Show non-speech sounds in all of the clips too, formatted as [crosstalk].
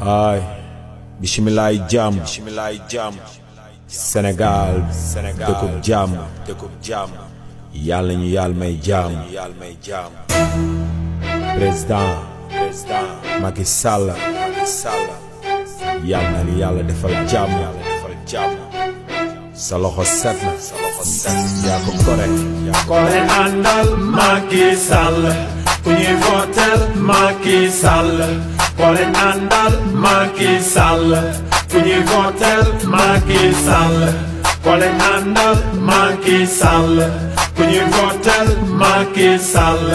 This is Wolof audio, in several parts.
ay bisimilaay jàmm bisimilaay jàmm Sénégal dëkkub jàmm dëkkub jàmm yàlla ñu yàlla may jàmm yàlla may jàmm président président Sall Macky yàlla na li yàlla defal jàmm yàlla defal jàmm sa ko correct koole àndal Macky Sall ku ñuy Var en andal Macky Sall Fu ñuy votel Macky Sall Var en andal Macky Sall Fu ñuy votel Macky Sall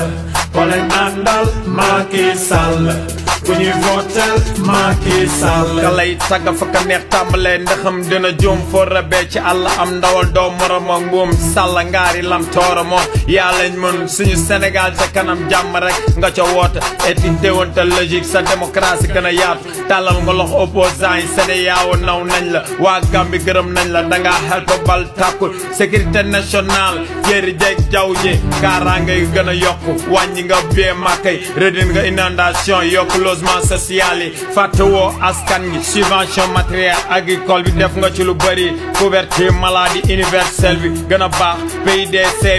Var en andal Macky Sall ku ñuy votel Macky Sall ka lay tagg fa ka neex tàmbalee ndaxam dina juum foo rabee ci àll am ndawal doo morom ak mbuum sàll ngaari lam toora moom yaa lañ mën suñu Sénégal ca kanam jàmm rek nga ca woote eti déwante logique sa démocratie gën a yaatu tàllal nga lox opposant yi Sénégal naw nañ la waa Gambie gërëm nañ la danga xel ba bal takul sécurité nationale jéeri jeeg jaww ji kaaraange gën a yokku wàññi nga bee màkkay redin nga inondation yokku logement social yi fàttewoo askan gi subvention matériel agricole bi def nga ci lu bëri couverture maladie universelle bi gën a baax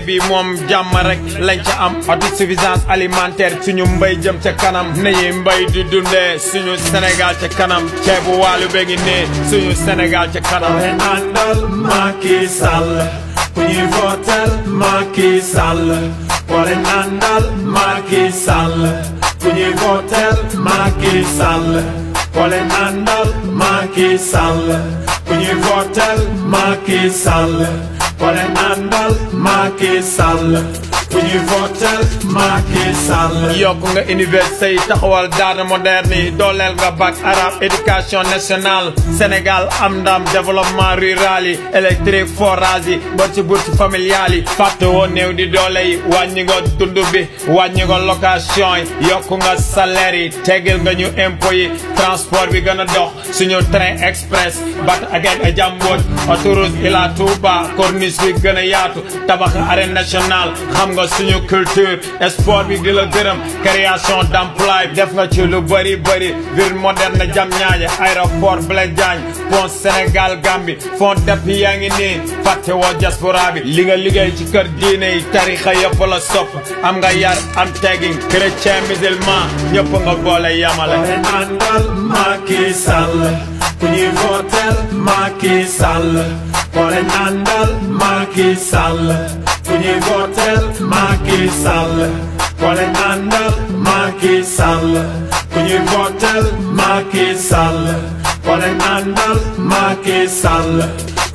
bi moom jàmm rek lañ ca am autosuffisance alimentaire suñu mbay jëm ca kanam nañuy mbay di dundee suñu Sénégal ca kanam ceebu waalu be ngi ne suñu Sénégal ca kanam andal Macky Sall ku ñuy votel Macky Sall Wara àndal Macky Sall ku ñuy votel Macky Sall wala àndal Macky Sall ku ñuy votel Macky Sall wala àndal Macky Sall fu ñuy votel Macky Sall yokk nga université yi taxawal daara moderne éducation national Sénégal amdam ndam développement rural yi électrique forage yi bor ci bourse familiale yi fàtte woo di doole yi wàññi nga location yi yokk nga salaire yi nga ñu impôt transport we gonna dox suñu train express but ak ak jàmboot autoroute Ila Touba corniche bi gën a yaatu tabax arène nationale xam mooy suñu culture sport bi di la gërëm création d'emploi def nga ci lu bëri bëri ville moderne jam ñaaje aéroport Blaise Diagne pont Sénégal Gambie fond d'appui yaa ngi nii fàtte woo diaspora bi li nga liggéey ci kër yi tarixa yëpp la sopp am nga yar am teggin chrétien musulman ñëpp nga boole yamale andal Macky Sall ku ñuy voter Macky Sall Kolen andal Macky Sall ku ñuy votel Macky Sall kolen andal Macky Sall ku ñuy votel Macky Sall kolen andal Macky Sall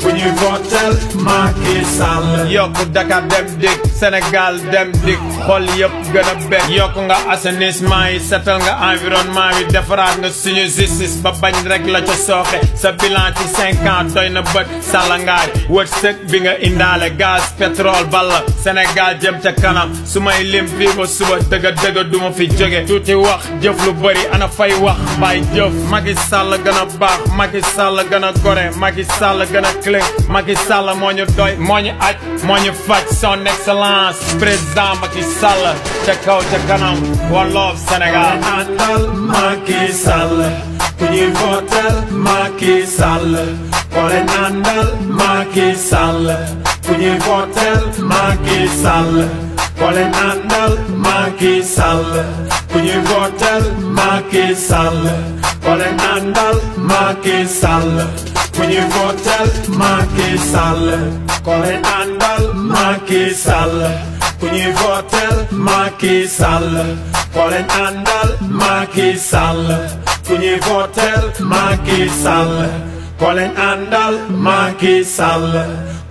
when ku ñuy votel Macky Sall yokku Dakar dem dick. Sénégal dem dick. xol up, gonna bet. Yoko, nga assainissement yi setal nga environnement bi defaraat nga suñu justice ba bañ rek la ca sooxe sa bilan ci cinq ans doy na bët sàllangaay wërsëg bi nga indaale gaz petrol, balla Sénégal jëm ca kanam su may lim fii ba suba dëgga dëgga duma fi jóge tuuti wax jëf lu bëri ana fay wax bay jëf Macky Sall gën a baax Macky Sall gën a gore Macky Sall clink Sala, mon you doit, mon you act, mon son excellence Président Maggie Sala, check out the canon, one love Senegal Atal Maggie Sala, can you foretell Maggie Sala Pour un andal Maggie Sala, can you foretell Maggie Sala Pour un andal Maggie Sala, can you foretell Maggie Sala Pour un andal Maggie Sala fu ñuy votel Macky Sall ko leen àndal Macky Sall fu ñuy votel Macky Sall ko leen àndal Macky Sall fu ñuy votel Macky àndal Macky Sall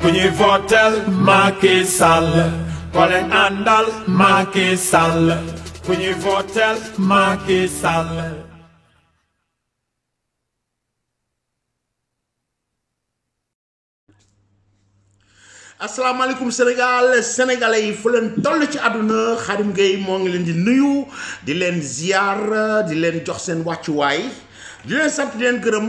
fu ñuy votel Macky Sall ko àndal Macky Sall fu ñuy votel Macky Sall asalaamaaleykum Sénégal sénégalais yi fu leen toll ci àdduna Khadim ngay moo ngi leen di nuyu di leen ziar di leen jox seen wàccuwaay di leen sant di leen gërëm.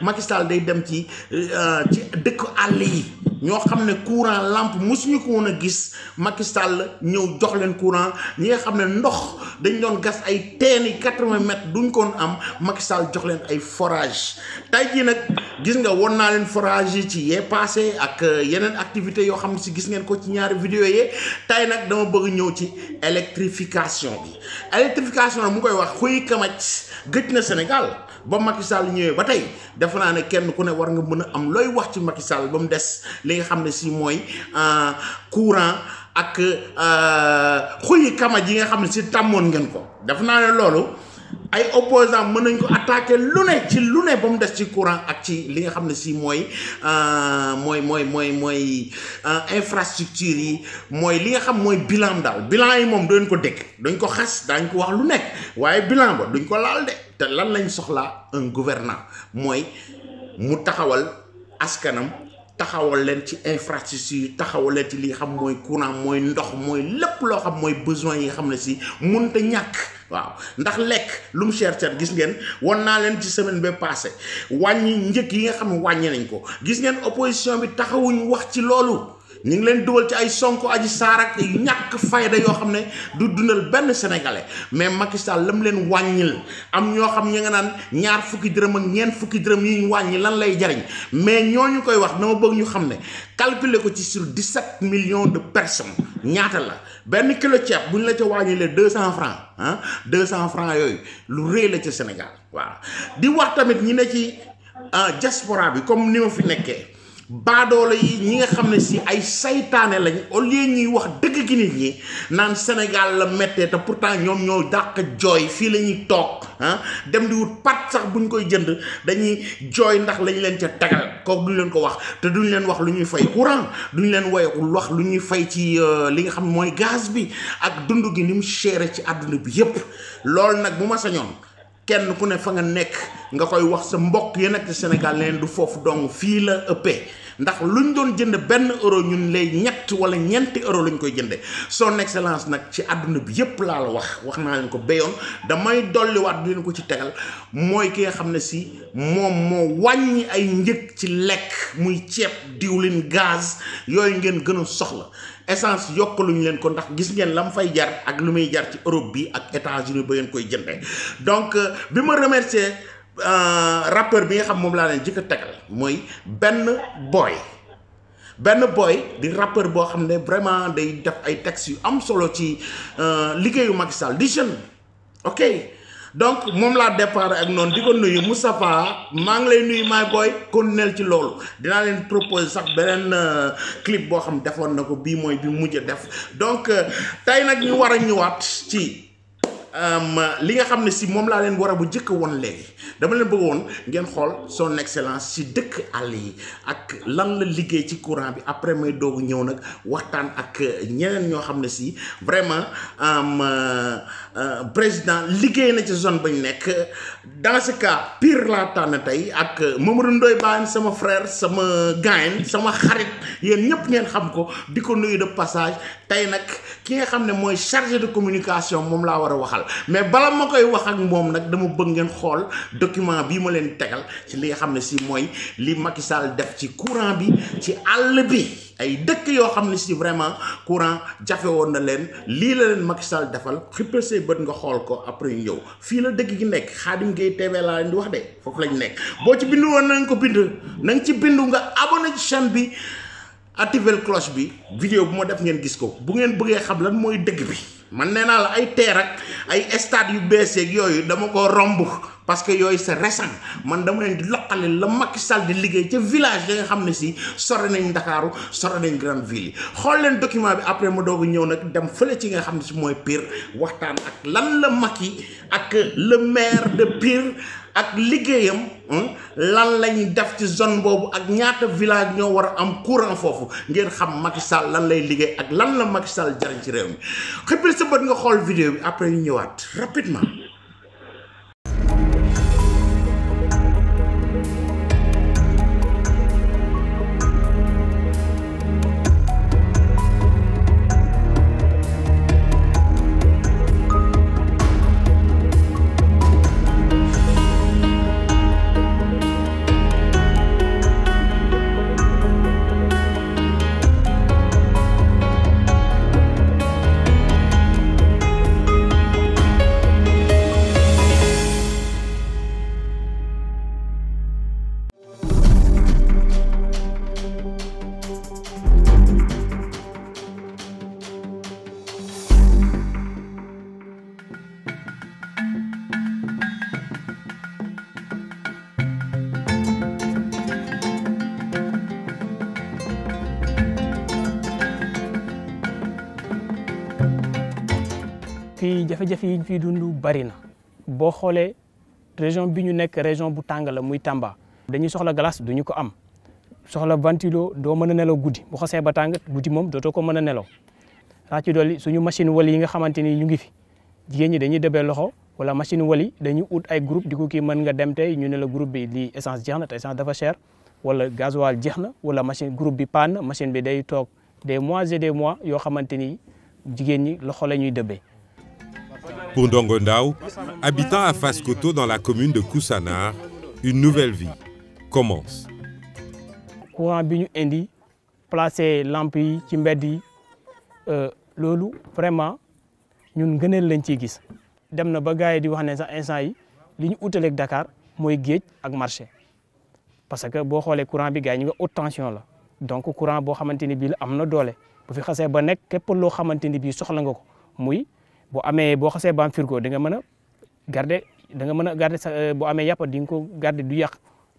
Macky day dem ci euh, ci dëkk àll yi ñoo xam ne courant lampe mosuñu ko woon a gis Macky Sall ñëw jox leen courant ñi nga xam ne ndox dañ doon gas ay teeni yi quatre duñ koon am Macky Sall jox leen ay forage tey jii nag gis nga won naa leen forage yi ci yee passé ak euh, yeneen activités yoo xam ne si gis ngeen ko ci ñaari vidéo yee tey nag dama bëgg ñëw ci électrification bi électrification mu koy wax xuy kamac gëj na Sénégal ba Macky Sall ñëwee ba tey defe naa ne kenn ku ne war nga mën a am looy wax ci Macky Sall ba mu des li nga xam ne si mooy euh, courant ak euh, xuyi kama ji nga xam ne si tàmmoon ngeen ko defe naa ne loolu ay opposant mën nañ ko attaquer lu ne ci lu ne ba mu des ci courant ak ci li nga xam ne si mooy euh, mooy mooy mooy mooy infrastructure yi mooy li nga xam mooy bilan daal bilan yi moom doon ko dégg dañ ko xas daañ ko wax lu nekk waaye bilan ba duñ ko laal de lan lañ soxlaa un gouvernant mooy mu taxawal askanam taxawal leen ci infrastructure taxawal leen ci li xam mooy courant mooy ndox mooy lépp loo xam mooy besoin yi nga xam ne si mun a ñàkk waaw ndax lekk lu mu cher cher gis ngeen won naa leen ci semaine ba passé wàññi njëkk yi nga xam ne wàññi nañ ko gis ngeen opposition bi taxawuñ wax ci loolu ñu ngi leen dugal ci ay Sonko aju Sarr ak ñàkk fayda yoo xam ne du dundal benn sénégalais mais Macky Sall la mu leen wàññil am ñoo xam ña nga naan ñaar fukki dërëm ak ñeent fukki dërëm yi ñu wàññi lan lay jariñ mais ñu koy wax dama bëgg ñu xam ne calculer ko ci sur 17 million de person ñaata la benn kilo ceeb bu ñu la ca wàññilee deux 200 francs deux 200 francs yooyu lu rëy la ca Sénégal waaw di wax tamit ñi ne ci ah, diaspora bi comme ni ma fi nekkee. baadoolo yi ñi nga xam ne si ay saytaane lañ au lieu ñuy wax dëgg gi nit ñi naan Sénégal la méttee te pourtant ñoom ñoo dàq jooy fii la ñuy toog ah, dem di wut pat sax bu ñu koy jënd dañuy jooy ndax lañ leen ca tagal kooku duñ leen ko wax te duñ leen wax lu ñuy fay courant duñ leen woyul wax lu ñuy fay ci euh, li nga xam ne mooy gaz bi ak dund gi ni mu chére ci àdduna bi yépp loolu nag bu ma sañoon kenn ku ne fa nga nekk nga koy wax sa mbokk yi nekk ci Sénégal leen du foofu dong fii la ëppee ndax lu ñu doon jënd benn euro ñun lay ñett wala ñeenti euro lañ koy jëndee son excellence nag ci àdduna bi yëpp laa la wax wax naa leen ko béyoon damay dolliwaat leen ko ci tegal mooy ki nga xam ne si moom moo wàññi ay njëg ci lekk muy ceeb diwlin gaz yooyu ngeen gën a soxla essence yokkaluñ leen ko ndax gis ngeen la mu fay jar ak lu muy jar ci Europe bi ak États-Unis ba ngeen koy jëndee donc bi ma remercier Euh, rappeur bi nga xam moom laa leen jëkk a tegal mooy benn boy benn boy di rappeur boo xam ne vraiment day def ay textes yu am solo ci euh, liggéeyu Macky Sall di jeune ok donc moom laa départ ak noonu di ko nuyu Moustapha maa ngi lay nuyu maay booy kon nel ci loolu dinaa leen proposer sax beneen euh, clip boo xam defoon na ko bii mooy bi mujj a def donc tey nag ñu war a ñëwaat ci Euh, li nga xam ne si moom laa leen war a bu njëkk woon léegi dama leen bëgg woon ngeen xool son excellence si dëkk àll yi ak lan la liggéey ci courant bi après may doogu ñëw nag waxtaan ak ñeneen ñoo xam ne si vraiment euh, euh, président liggéey na ci zone bañ nekk dans ce cas pire laa tànn tey ak moom Mamadou Ndoye Bane sama frère sama gaañ sama xarit yéen ñëpp ngeen xam ko di ko nuyu de passage tey nag ki nga xam ne mooy chargé de communication moom laa war a waxal mais bala ma koy wax ak moom nag dama bëgg ngeen xool document bii ma leen tegal ci li nga xam ne si mooy li Macky Sall def ci courant bi ci àll bi ay dëkk yoo xam ne si vraiment courant jafe woon na leen lii la leen Macky Sall defal xippal say bët nga xool ko après yu yow fii la dëkk gi nekk Khadim Gueye TV laa leen di wax de foofu lañ nekk boo ci bindu woon na ko bind na ci bindu nga abonné ci bi activer cloche bi vidéo bu ma def ngeen gis ko bu ngeen bëggee xam lan mooy dëgg bi man nee naa la ay teer ak ay stade yu bees ak yooyu dama ko romb parce que yooyu c'est récent man dama leen loqale la Macky Sall di liggéey ca village ya nga xam ne si sore nañu Ndakaaru sore nañ grande ville yi xool leen document bi après ma doog ñëw nag dem fële ci nga xam ne si mooy piir waxtaan ak lan la yi ak le maire de Pire ak liggéeyam hmm, lan la def ci zone boobu ak ñaata village ñoo war a am courant foofu ngir xam Macky Sall lan lay liggéey ak lan la Macky Sall jariñ ci réew mi xëppil sa bët nga xool vidéo bi après yu ñëwaat rapidement fii jafe-jafe yi ñu fiy dund bari na boo xoolee région bi ñu nekk région bu tàng la muy Tamba. dañuy soxla glace duñu ko am soxla ventilo doo mën a nelaw guddi bu xasee ba tàng guddi moom dootoo ko mën a nelaw raa dolli suñu machine wali yi nga xamante ni ñu ngi fi jigéen ñi dañuy debee loxo wala machine wali dañuy ut ay groupe di ko kii mën nga dem tey ñu ne la groupe bi lii essence jeex na te essence dafa cher wala gasoil jeex na wala machine groupe bi panne machine bi day toog des mois et des mois yoo xamante ni jigéen ñi loxo la ñuy dëbbee Pour Ndongo habitant à Fascoto dans la commune de Koussanar, une nouvelle vie commence. courant bi ñu indi placé lampe yi ci mbedd yi euh, loolu vraiment ñun gëneel lañ ciy gis dem na ba gars yi di wax ne sax instant yi li ñu utaleeg Dakar mooy géej ak marché parce que boo xoolee courant bi gars yi ñu nga haute tension la donc courant boo xamante ni bii la am na doole bu fi xasee ba nekk képp loo xamante ni bii soxla nga ko muy bo amé bo xassé bam am frigo da nga mëna garder da nga mëna garder sa euh, bu amee yàpp di nga ko garder du yak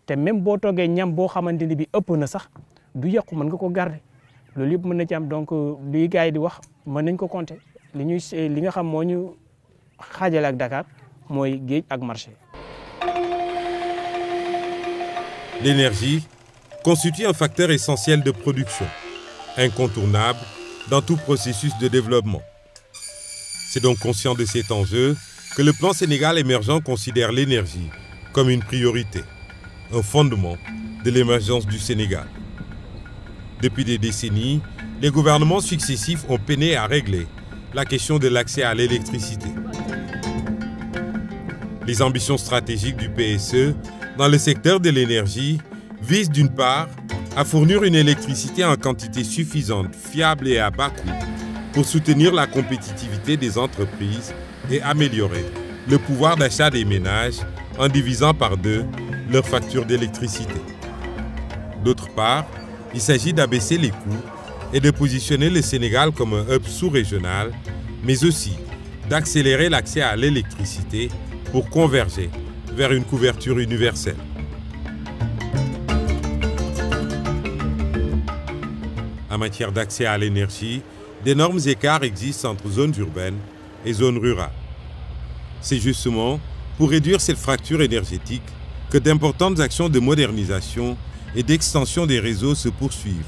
té même bo togué ñam bo xamante bi ëpp na sax du yàqu mën nga ko garder loolu yëpp mëna ci am donc euh, luy gaay di wax mën nañ ko compter li ñuy li nga xam moñu xajal ak Dakar moy géej ak marché. L'énergie constitue un facteur essentiel de production, incontournable dans tout processus de développement. C'est donc conscient de cet enjeu que le plan Sénégal émergent considère l'énergie comme une priorité, un fondement de l'émergence du Sénégal. Depuis des décennies, les gouvernements successifs ont peiné à régler la question de l'accès à l'électricité. Les ambitions stratégiques du PSE dans le secteur de l'énergie visent d'une part à fournir une électricité en quantité suffisante, fiable et à bas coût pour soutenir la compétitivité des entreprises et améliorer le pouvoir d'achat des ménages en divisant par deux leurs factures d'électricité. D'autre part, il s'agit d'abaisser les coûts et de positionner le Sénégal comme un hub sous-régional, mais aussi d'accélérer l'accès à l'électricité pour converger vers une couverture universelle. En matière d'accès à l'énergie, d'énormes écarts existent entre zones urbaines et zones rurales. C'est justement pour réduire cette fracture énergétique que d'importantes actions de modernisation et d'extension des réseaux se poursuivent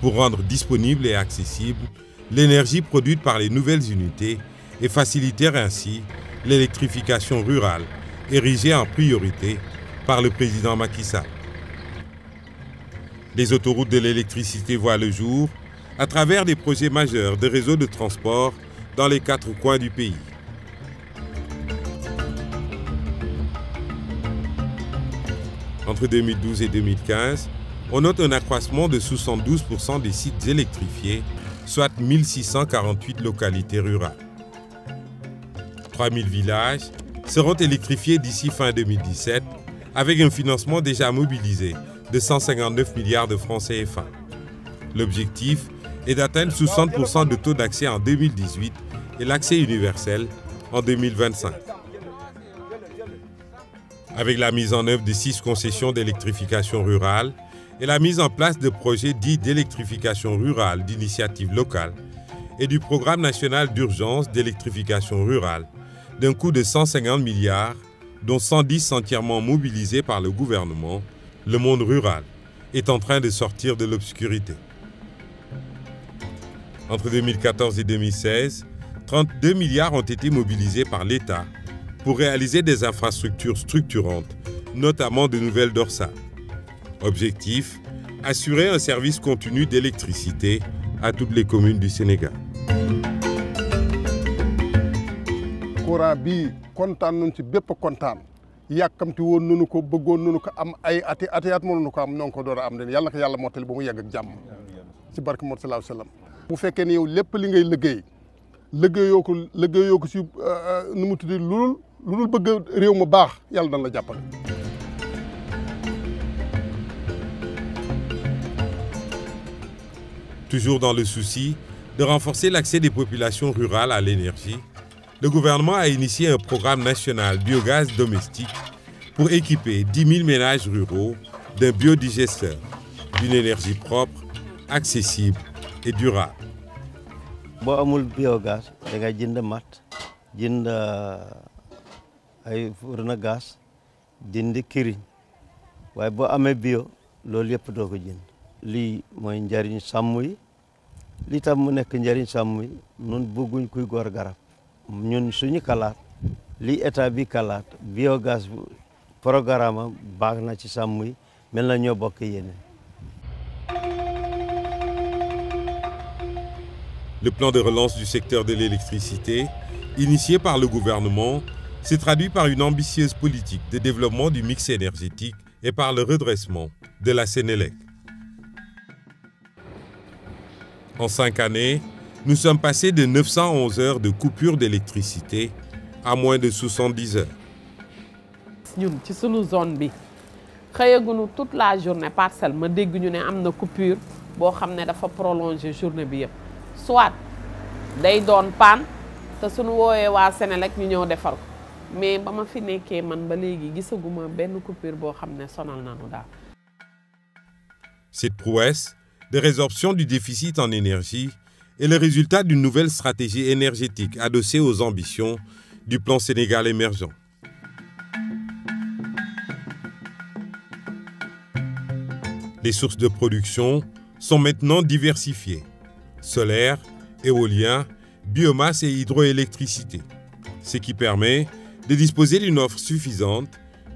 pour rendre disponible et accessible l'énergie produite par les nouvelles unités et faciliter ainsi l'électrification rurale érigée en priorité par le président Macky Sall. Les autoroutes de l'électricité voient le jour à travers des projets majeurs de réseaux de transport dans les quatre coins du pays. Entre 2012 et 2015, on note un accroissement de 72% des sites électrifiés, soit 1648 localités rurales. 3000 villages seront électrifiés d'ici fin 2017 avec un financement déjà mobilisé de 159 milliards de francs CFA. L'objectif et d'atteindre 60% de taux d'accès en 2018 et l'accès universel en 2025. Avec la mise en œuvre de six concessions d'électrification rurale et la mise en place de projets dits d'électrification rurale d'initiative locale et du programme national d'urgence d'électrification rurale d'un coût de 150 milliards, dont 110 entièrement mobilisés par le gouvernement, le monde rural est en train de sortir de l'obscurité. Entre 2014 et 2016, 32 milliards ont été mobilisés par l'État pour réaliser des infrastructures structurantes, notamment de nouvelles dorsales. Objectif assurer un service continu d'électricité à toutes les communes du Sénégal. Toujours dans le souci de renforcer l'accès des populations rurales à l'énergie, le gouvernement a initié un programme national biogaz domestique pour équiper 10 000 ménages ruraux d'un biodigesteur, d'une énergie propre, accessible te durable boo amul biogaz da jënd mat jënd ay fourne gas jënd kiriñ waaye boo bio loolu yëpp doo ko jënd lii mooy njariñ yi li tam mu nekk njariñ sàmm yi nun bëgguñ kuy gor garab ñun suñu kalaat li état bi kalaat biogas programme baax na ci sàmm yi mel ñoo bokk Le plan de relance du secteur de l'électricité, initié par le gouvernement, s'est traduit par une ambitieuse politique de développement du mix énergétique et par le redressement de la Sénélec. En cinq années, nous sommes passés de 911 heures de coupure d'électricité à moins de 70 heures. Nous, dans zone toute la journée coupure journée soit day te mais fi man ba gisaguma coupure Cette prouesse de résorption du déficit en énergie est le résultat d'une nouvelle stratégie énergétique adossée aux ambitions du plan Sénégal émergent. Les sources de production sont maintenant diversifiées solaire, éolien, biomasse et hydroélectricité, ce qui permet de disposer d'une offre suffisante,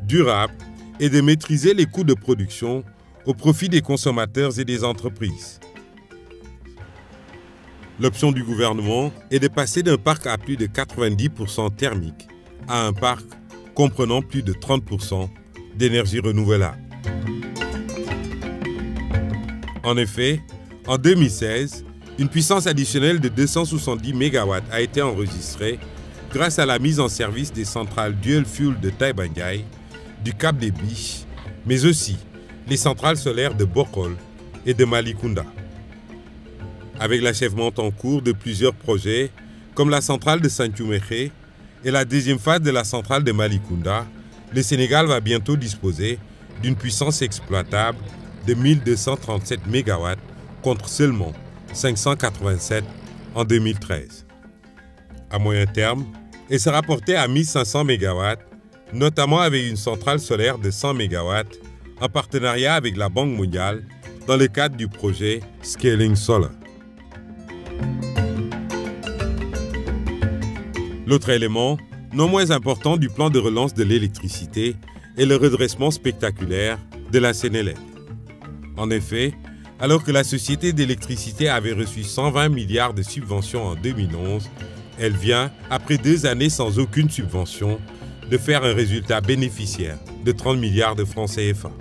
durable et de maîtriser les coûts de production au profit des consommateurs et des entreprises. L'option du gouvernement est de passer d'un parc à plus de 90% thermique à un parc comprenant plus de 30% d'énergie renouvelable. En effet, en 2016, une puissance additionnelle de 270 MW a été enregistrée grâce à la mise en service des centrales dual fuel de Taibangay, du Cap des Biches, mais aussi les centrales solaires de Bokol et de Malikunda. Avec l'achèvement en cours de plusieurs projets, comme la centrale de Santiumere et la deuxième phase de la centrale de Malikunda, le Sénégal va bientôt disposer d'une puissance exploitable de 1237 MW contre seulement 587 en 2013. À moyen terme, elle sera porté à 1500 MW, notamment avec une centrale solaire de 100 MW en partenariat avec la Banque mondiale dans le cadre du projet Scaling Solar. L'autre élément, non moins important du plan de relance de l'électricité, est le redressement spectaculaire de la Sénélec. En effet, alors que la Société d'électricité avait reçu 120 milliards de subventions en 2011, elle vient, après deux années sans aucune subvention, de faire un résultat bénéficiaire de 30 milliards de francs CFA.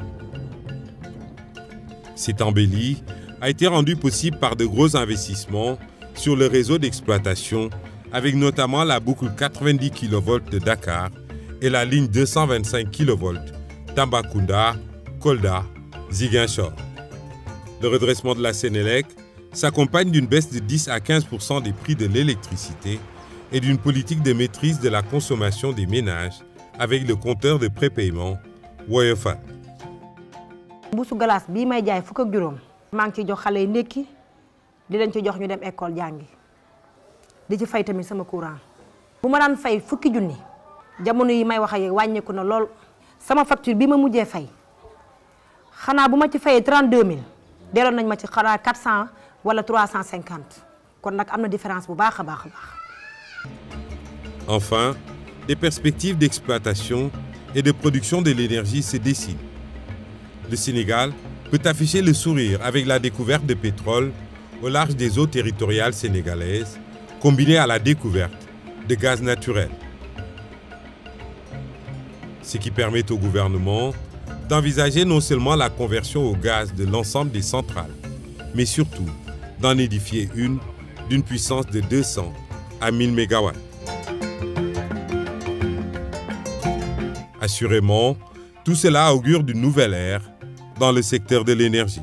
Cette embellie a été rendue possible par de gros investissements sur le réseau d'exploitation, avec notamment la boucle 90 kV de Dakar et la ligne 225 kV Tambacounda, Kolda, Ziguinchor. Le redressement de la Sénélec s'accompagne d'une baisse de 10 à 15 des prix de l'électricité et d'une politique de maîtrise de la consommation des ménages avec le compteur de prépaiement Woyofa. buusu glace bii may jaay fukk ak juróom maa ngi ciy jox xale yi ndékki di leen ci jox ñu dem école jàngi di ci fay tamit sama courant bu ma daan fay fukki junni jamono yi may wax ak wàññeeku na lool sama facture bi ma mujjee fay xanaa bu ma ci fayee 32 000 Enfin, des perspectives d'exploitation et de production de l'énergie se dessinent. Le Sénégal peut afficher le sourire avec la découverte de pétrole au large des eaux territoriales sénégalaises, combinée à la découverte de gaz naturel. Ce qui permet au gouvernement d'envisager non seulement la conversion au gaz de l'ensemble des centrales, mais surtout d'en édifier une d'une puissance de 200 à 1000 MW. Assurément, tout cela augure d'une nouvelle ère dans le secteur de l'énergie.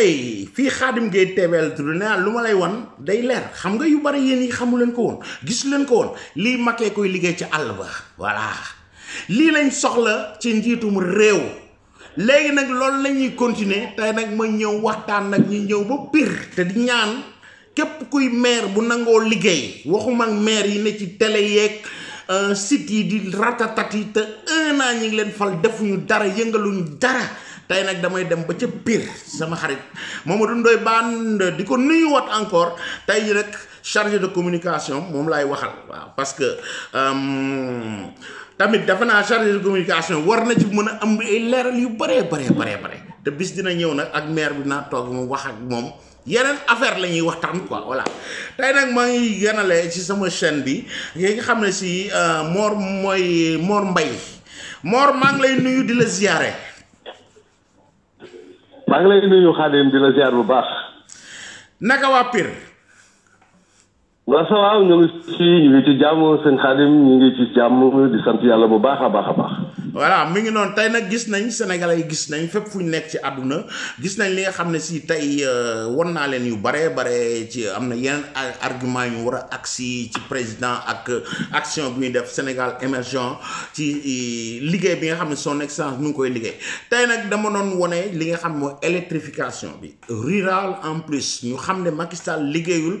hey fii xaadim gay teebeel tudd nee lu ma lay wan day leer xam nga yu bari yéen yi xamu leen ko woon gis leen ko woon lii makkee koy liggéey ci àll voilà lii lañ soxla ci njiitum réew léegi nag loolu la ñuy continuer tey nag ma ñëw waxtaan nag ñu ñëw ba pire te di ñaan képp kuy maire bu nangoo liggéey waxuma ak maire yi ne ci télé euh, site yi di ratatat te un an ñi ngi leen fal defuñu dara yëngaluñ dara tay nak damay dem ba ci bir sama xarit mamadou ndoy band diko nuyu wat encore tay rek chargé de communication mom lay waxal waaw parce que euh tamit dafa na chargé de communication war na ci mëna am ay leral yu bare bare bare bare te bis dina ñew nak ak maire bi na tok mu wax ak mom yeneen affaire la ñuy waxtaan quoi voilà tey nag maa ngi gënale ci sama chaîne bi yi nga si euh, moor mooy moor mbay moor ngi lay nuyu di la ziare maa ngi lay nuyu Xaadim di la ziar bu baax. naka waa Pire. waaw ça va ñoo ngi ci ñu ngi ci jàmm sëñ Xaadim ñu ngi ci jàmm di sant yàlla bu baax a baax a baax. voilà mi ngi noonu tey nag gis nañ Sénégalais yi gis nañ fépp fu ñu nekk ci àdduna gis nañ li nga xam ne si tey euh, won naa leen yu bare bare ci am na yeneen argument ñu war a agsi ci président ak euh, action bi ñuy def Sénégal émergent ci liggéey bi nga xam ne son excellence mu ngi koy liggéey tey nag dama doon wone li nga xam mooy électrification bi rural en plus ñu xam ne Macky liggéeyul.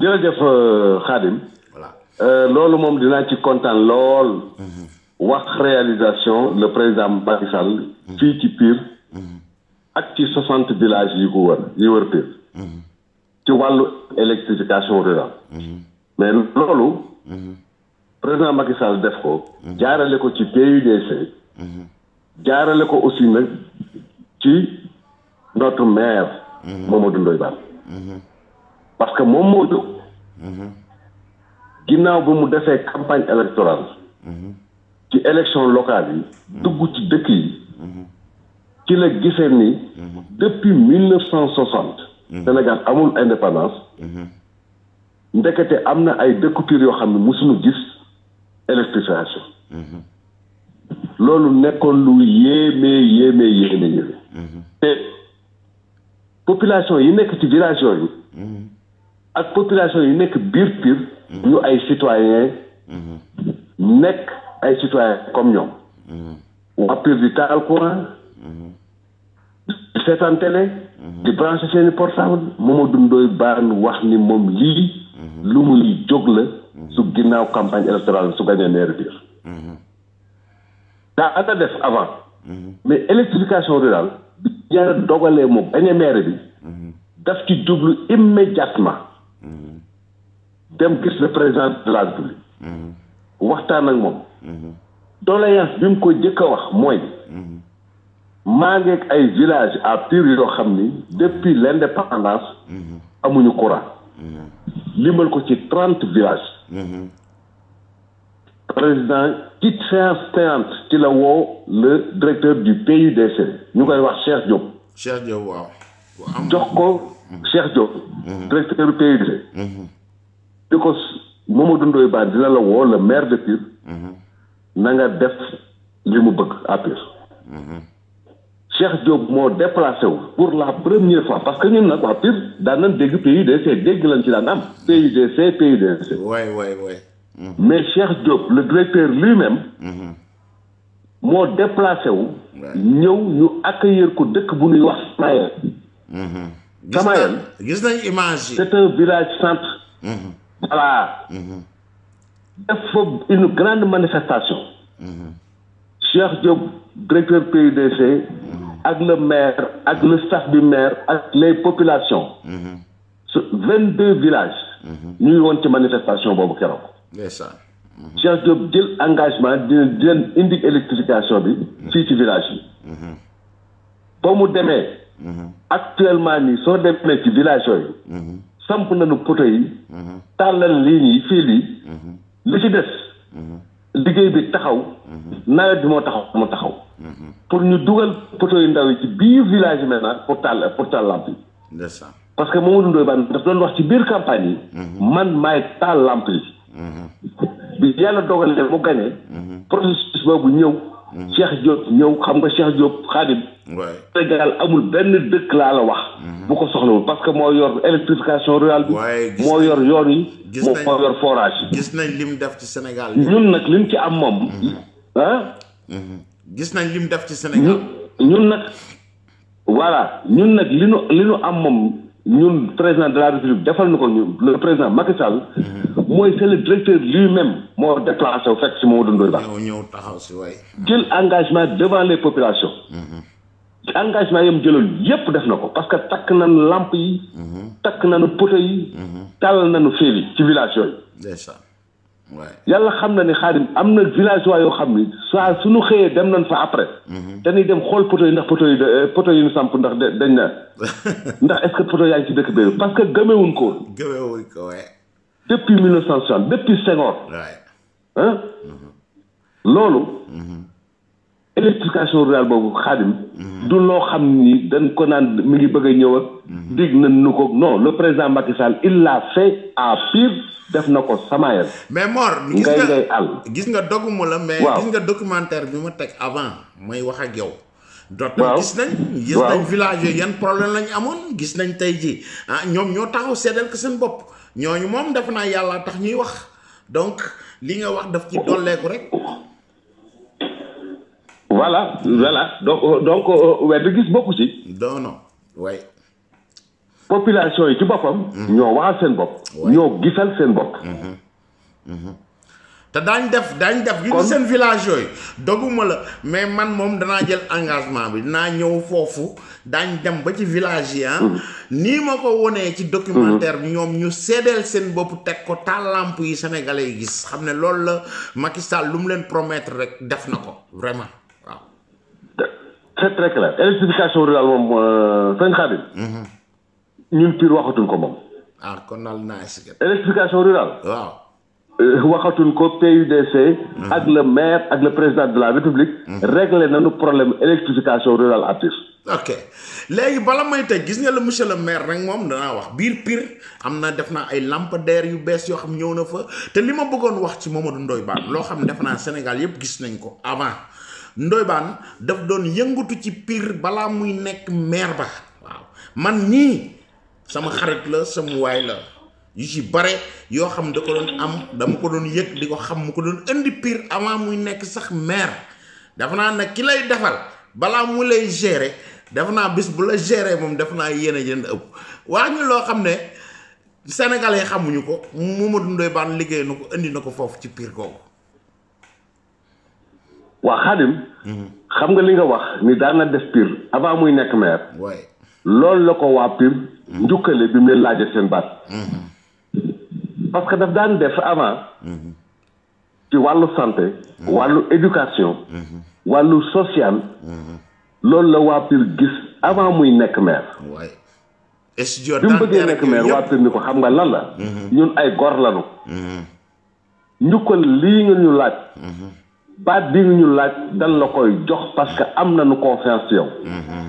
jërëjëf euh, Khadim. voilà euh, loolu moom dinaa ci kontaan lool. wax réalisation le président Macky Sall. fii ci Pire. ak ci soixante villages yi ko wër yi wër Pire. ci wàllu électrification rurale. mais loolu. président Macky Sall def ko. jaarale ko ci PUDC. jaarale ko aussi nag ci notre maire. Mamadou Ndoye Bane. parce que moom moo jóg. Mhm. ginnaaw ba mu defee compagne électorale. Mhm. ci élection locale yi. Mhm. dugg ci dëkk yi. ci la gisee ni. depuis mille neuf cent soixante. Sénégal amul indépendance. ndekete am na ay dëkkutur yoo xam ne mosuñu gis électrification. loolu nekkoon lu yéemee yéeme yéeme. te population yi nekk ci village yooyu. ak population yi nekk biir piir ñu mhm. ay citoyen mhm. nekk ay citoyen comme ñoom mhm. waa piir di taal courant seetaan télé di branché seeni portable moom Ndoye Bane wax ni moom lii lu muy jóg la su ginnaaw campagne électorale su gagné maire biir daa anda def avant mais électrification rurale bi ñaar dogalee mu gagné maire bi daf ci jublu immédiatement dem gis le président de la waxtaan ak moom doléance bi mu ko jëkk a wax mooy maa ngi ay village à Pire yoo xam ni depuis l'indépendance amuñu courant limal ko ci trente villages président ci séance séance ci la woo le directeur du PUDC ñu koy wax Cheikh Diop Cheikh Diop waaw jox ko Mm-hmm. Cheikh Diop. Mm-hmm. directeur PUDC. Mm-hmm. di ko Mamadou Ndoye Bane dina la woo na nga def li mu bëgg à Pire. moo déplacé wu pour la première parce que ñun nag waa Pire daan nañ dégg PUDC dégg lañ ci daan am. PUDC PUDC. waay waay waay. mais Cheikh Diop le directeur lui-même. moo déplacé ñëw ñu accueillir ko dëkk bu ñuy wax c'est un village centre. Mhm. voilà. Mhm. faut une grande manifestation. Mhm. Cheikh Diop directeur PDC avec le maire avec le staff du maire avec les populations. sur villages. Nous avons une manifestation pour vous. ndeysaan. Cheikh Diop engagement d'une indique électrification bi. ce village yi. ba mu Mm-hmm. actuellement nii soo demee ci village yooyu. Mm-hmm. samp nañu poto yi. Mm-hmm. tàllal lii nii fii lii. li ci des. liggéey bi taxaw. nawet bi moo taxaw moo taxaw. pour ñu dugal poto yu ndaw yi ci biir village yi maintenant pour tàll pour tàll lamp yi. parce que Mamadou Ndoye Bane daf doon wax ci biir campagne yi. man maay tàll lamp yi. bi yàlla dogalee mu gagné. processus boobu ñëw. Mm-hmm. Cheikh Diop ñëw xam nga Cheikh Diop Khadim. waay Sénégal amul benn dëkk laa la wax. Mm-hmm. bu ko soxlawul parce que moo yor électrification rurale bi. moo yor yoon yi. gis moo yor forage gis nañ lim def ci senegal ñun nag lim ci am moom. ah. gis nañ lim def ci Sénégal. Mm-hmm. ñun nag. voilà ñun nag li nu li nu am moom. ñun président de la république defal na ko ñun le président Macky mm-hmm. mooy c'est le directeur lui-même. moo déplacé wu fekk si Mamadou Ndoye Ba. ñëw taxaw si waay. engagement devant les populations. Mm-hmm. engagement yam jëloon yépp def na ko parce que takk nañu lamp yi. Mm-hmm. takk na nu poto yi. tàllal nañu fil yi ci village yooyu. yàlla xam na ne xaadim am na village waa yoo xam ni saa suñu xëyee dem nañ fa après. dañuy dem xool poto yi ndax poto yi poto yi ñu samp ndax dañ na ndax est-ce que poto yaa ngi ci dëkk bee parce que gëmewuñ ko. gëmewuñ ko waay. depuis 1960 depuis Senghor. waay ah. loolu. électrification rurale boobu xaadim. Mm-hmm. du loo xam ni dañ ko naan mi ngi bëgg a ñëw ak mm-hmm. dig na nu ko non le président Macky Sall il l'a fait à pire def na ko samayal mais mor gis nga ngay al gis nga doguma la mais gis nga documentaire bi ma teg avant may wax ak yow dot gis nañ gis nañ village yooyu yan problème lañ amoon gis nañ tey ji ah ñoom ñoo taxaw seedal ko seen bopp ñooñu moom def naa yàlla tax ñuy wax donc li nga wax daf ci dolleeku rek voilà voilà donc euh, donc euh, weddi gis bokku ci. non waaye waay. population yi ci boppam. Mhm. ñoo waxal seen bopp. ñoo gisal seen bopp. Mhm. Mhm. te daañ def daañ def. gis seen village yooyu. doguma la mais man moom danaa jël engagement bi dinaa ñëw foofu daañ dem ba ci village yi ah. nii ma ko wonee ci documentaire bi ñoom ñu seedeel seen bopp teg ko tàllamp yi sénégalais yi gis xam ne loolu la Macky Sall lu mu leen promettre rek def na ko vraiment. c'est très clair électrification rurale moom euh, sëñ Khadim. Mhm. ñun piir waxatuñ ko moom. ah kon naal naa électrification rurale. waaw. Euh, waxatuñ ko PUDC. Mhm. ak le maire ak le président de la république. Mhm. réglé nañu problème électrification rurale à Pire. ok léegi bala may teg gis nga la monsieur le maire rek moom danaa wax biir Pire am na def naa ay der yu bees yoo xam ñëw na fa te li ma bëggoon wax ci Mamadou Ndoye Bane loo xam ne def naa Sénégal yëpp gis nañ ko avant. Ndoye Bane daf doon yëngatu ci piir balaa muy nekk meer ba waaw man nii sama xarit la sama waay la yu ci bare yoo xam ne am dama ko doon di ko xam ko doon indi Pire avant muy nekk sax maire dafa naa ne ki lay defal balaa mu lay gérer dafa naa bis bu la gérer moom dafa naa yéene jënd ëpp waa ñu loo xam ne sénégalais xamuñu ko Mamadou Ndoye Bane liggéey na ko indi na ko foofu ci Pire kooku waa xaadim xam nga li nga wax ni daan def piir avant muy nekk maire. loolu la ko waa Pire njukkale bi mu leen laajee seen baat. parce que daf daan def avant. ci wàllu santé. wàllu éducation. wàllu social. loolu la waa Pire gis avant muy nekk maire. bi mu bëggee nekk maire waa Pire ni ko xam nga lan la. Mhm. ñun ay gor lañu. Mhm. njukkal lii nga ñu laaj. Mhm. pas de ñu laaj dans la koy jox parce que am nañu confiance ci yow. Mm-hmm.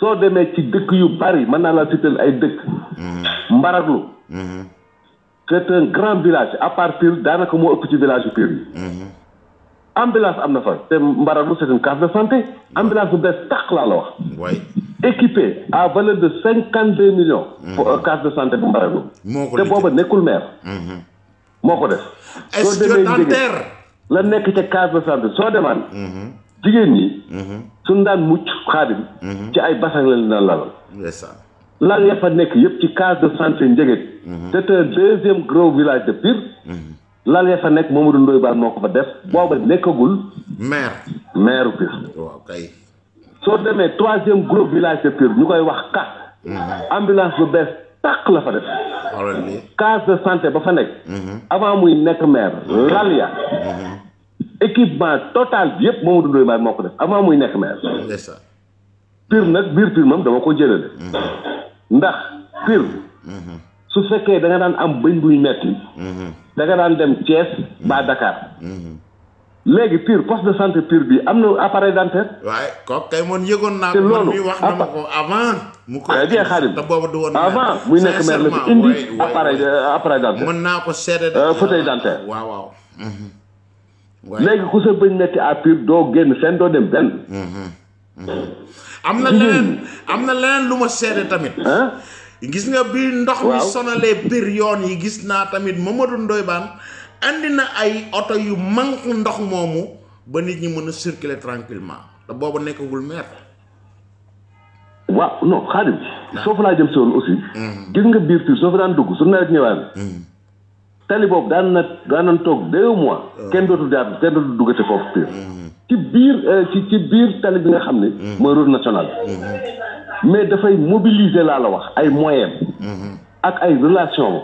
soo demee ci dëkk yu bari mën naa la citer ay dëkk. Mm-hmm. Mbaraglu. Mm-hmm. c'est un grand village à partir d'un petit moo ci village yu Pire yi. ambulance fa te c'est une case de santé ambulance bu bees tax la wax. équipé à valeur de 52 millions. pour case de santé bu Mbaraglu. te booba le maire. ce que def. dans terre? la nekk ca case de santé soo demaan mhm. jigéen ñi mhm. suñ daan mucc xaadim mhm. ci ay basan la leen daan lalal lal ya fa nekk yëpp ci case de santé njëgët c'est un deuxième gros village de Pire lal ya fa nekk moom Mamadou Ndoye Bane moo ko fa def booba nekkagul maire maire Pire soo demee troisième gros village de Pire ñu koy wax ka ambulance bu bees tàq la fa def. de santé ba fa nekk. Mhm. avant muy nekk maire. Mhm. Ralia. Mhm. équipement total bi yëpp Mamadou Ndoye Bane moo ko def avant muy nekk maire. pire nag biir pire moom dama ko jëlale. ndax pire. su fekkee da nga daan am bëñ buy metti da nga daan dem Thiès ba Dakar. léegi piir poste de santé Pire bi am na appareil dentaire. waaye kooku kay man yëgoon naa ko. te wax na ma ko avant. mu ko eh te boobu du euh, naa ko seede de. Euh, fauteuil dentaire waaw waaw. Mhm. léegi ku sa bëñ nekk à Pire doo génn seen doo dem benn. Mhm. Mhm. am na leneen am na leneen lu ma seede tamit. gis nga bi ndox mi sonalee Pire yoon yi gis naa tamit Mamadou Ndoye Bane. andi na ay oto yu manque ndox moomu ba nit ñi mën a circuler tranquillement te boobu nekkagul maire waaw non xaadim soofu laa jëm si woon aussi mhm. gis nga biir tur soo fa daan dugg su nawet ñëwaan mhm. tali boobu daan na daan nañ toog deux mois oh. kenn dootul jaar kenn dootul duggate foofu piir mhm. ci biir euh, ci ci biir tali bi nga xam ne mooy route nationale mais dafay mobiliser laa la wax ay moyens ak ay relation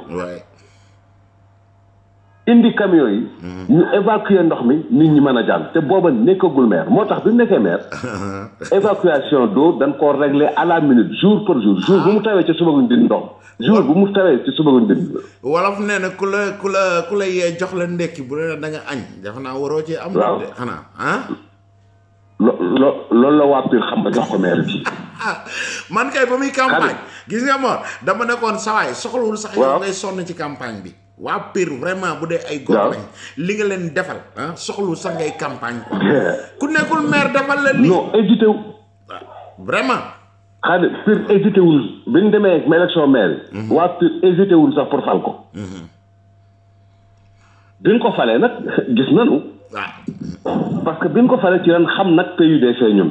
indi camion yi. Mm-hmm. ñu évacuer ndox mi nit ñi mën a jàll. te booba nekkagul maire moo tax bi mu nekkee maire [laughs] évacuation d'eau dañ koo régler à la minute jour par jour jour bu mu tawee ci suba guñ dindi ndox jour bu mu tawee ci suba guñ dindi. wolof nee na ku la ku la ku la yee jox la ndekki bu la da nga añ defe naa waroo ci am. waaw xanaa ah. lo lo loolu la waa Pire xam nga jox ko meer bi. [laughs] [laughs] man kay ba muy campagne. gis nga moom dama nekkoon sawaay soxlawul sax. yow ngay sonn ci campagne bi. waa Pire vraiment bu dee ay. góor li nga leen defal. ah sax ngay campagne quoi. ku nekkul maire defal la lii. non hésité ah, vraiment. xaaral Pire hésité wul bi ñu demee ak élection maire. Mhm. waa Pire hésité sax pour fal ko. Mhm. bi ñu ko falee nag [laughs] gis nañu. parce que biñ ko falé ci lan xam nak PUDC ñun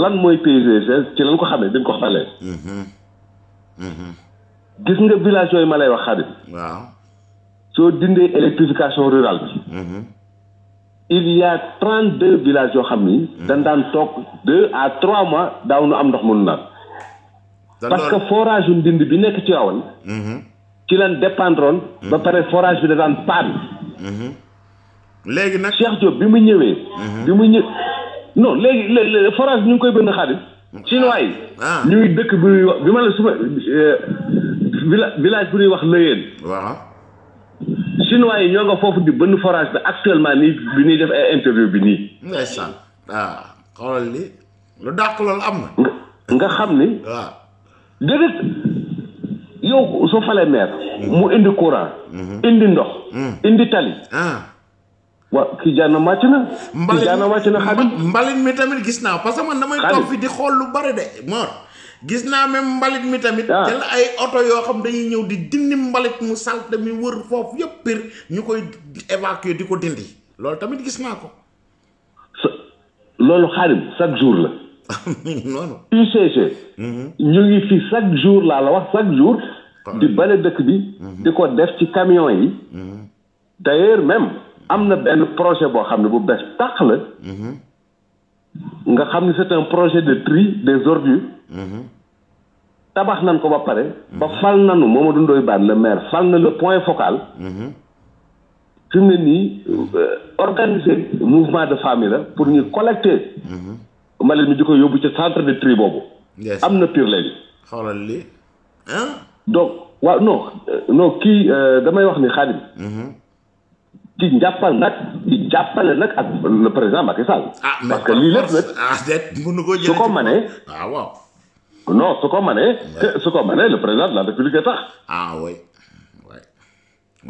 lan moy des ci lan ko xamé biñ ko falé mhm. mhm. gis nga village yoy ma wax xadi waaw so dindé électrification rurale bi mhm. il y a 32 villages yo xamni dañ daan tok 2 à 3 mois daaw nu am ndox mu naan parce que forage ndindi bi nek ci awal ci lan dépendron ba paré forage bi da daan panne léegi nag Cheikh Diop bi mu ñëwee. Mhm. bi mu ñëw non léegi lé forage ñu koy bënd xaalis. chinois yi. Ah. ñuy dëkk bi ñuy wax bi ma la suma eh, village bu nuy wax Leyeen. waaw. chinois yi ñoo nga foofu di bënn forage bi actuellement nii bi ñuy def ay interview bi nii. ndeysaan ah xoolal li lu dàq loolu am na. nga xam ni. waaw déedéet yow soo falee maire. Mhm. mu indi courant. Mhm. indi ndox. indi tali. Ah. waaw Kidiane màcc na. mbalit Kidiane màcc na mbalit mi tamit gis naa parce que man damay toog fi di xool lu bari de Mor. gis naa même mbalit mi tamit. Ah. jël ay oto yoo xam dañuy ñëw di dindi mbalit mu salte mi wër foofu yëpp pir ñu koy évacuer di ko dindi loolu tamit gis naa ko. loolu xaalis chaque jour la. [laughs] noonu. UCG. Mhm. ñu ngi fi chaque jour laa la wax chaque jour. di bale dëkk bi. Mhm. di ko def ci camion yi. Mhm. d'ailleurs même. am na benn projet boo xam ne bu bees tàq la. Mhm. nga xam ne c'est un projet de tri des ordures. Mhm. tabax nan ko ba pare. ba mhm. fal nañu Mamadou Ndoye Bane le maire fal na le point focal. fi mu ne nii euh, organiser mouvement de famille la pour ñu collecter. mbalit mi di ko yóbbu ci centre de tri boobu. am na pire léegi. xoolal hein? donc waaw non euh, non kii euh, damay wax ni Xaadim ci njàppal nag ci jàppale nag ak le président Macky Sall. ah parce que lii lépp nag. ah déet mënu ko jëlee su ko mënee. ah waaw. non su ko mënee. su ko mënee le président de la république tax. ah oui.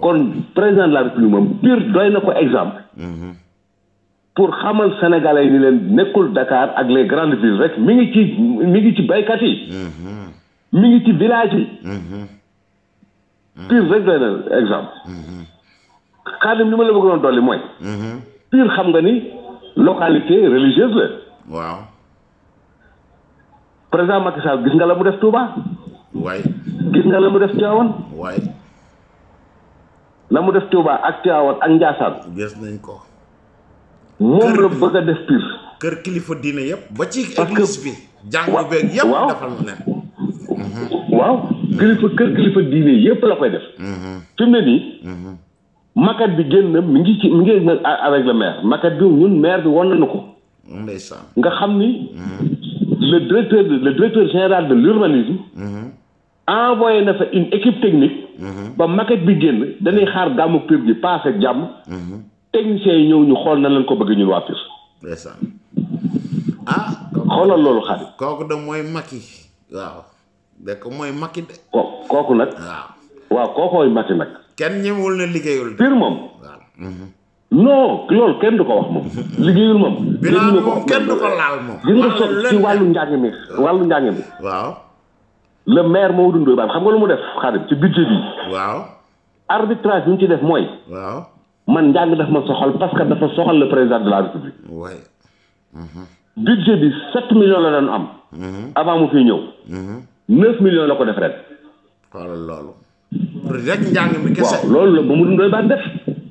kon président de la république moom pire doy na ko exemple. Mhm. pour xamal sénégalais yi ni leen nekkul Dakar ak les grandes villes rek mi ngi ci mi ngi ci baykat yi. Mhm. mi ngi ci village yi. pire mhm. rek doy na exemple. xaadim li ma la bëgg doon dolli mooy. Mhm. Pire xam nga ni localité religieuse la. waaw. président Macky Sall gis nga la mu def Touba. waay. gis nga la mu def Tivaouane. waay. la mu def Touba ak Tivaouane ak gis nañ ko. moom la bëgg a def Pire. kër kilifa diine yëpp. ba ci église bi. jàng beeg yëpp defal mhm. waaw kilifa kër kilifa diine yëpp la koy def. Mhm. fi mu makat bi génn mi ngi ci mi ngi avec le maire makat bi ñun maire bi na nañu ko. ndeysaan nga xam ni. le directeur le directeur général de l'urbanisme envoyé na fa une équipe technique. ba maquette bi génn dañuy xaar dàmmu Pire bi paase jàmm. techniciens yi ñëw ñu xool na leen ko bëgg ñun waa Pire. ndeysaan ah, ah, xoolal loolu xaar. kooku de mooy Macky. waaw de ko mooy Macky de. ko kooku nag. waaw waaw kookooy Macky nag. kenn ñemewul ne liggéeyul. biir moom. non loolu kenn du ko wax moom. liggéeyul moom. bilan moom kenn du ko laal moom. gis nga so ci wàllu njàng mi wàllu njàng mi. waaw. le maire Mamadou Ndoye Bane xam nga lu mu def Xaadim ci budget bi. waaw. arbitrage bi mu ci def mooy. waaw man njàng daf ma soxal parce que dafa soxal la président de la république. Mhm. budget bi set million la doon am. Mhm. avant mu fiy ñëw. Mhm. neuf millions la ko def ren. loolu. pour rek njàng mi kese waaw loolu la Mamadou Ndoye Bane def.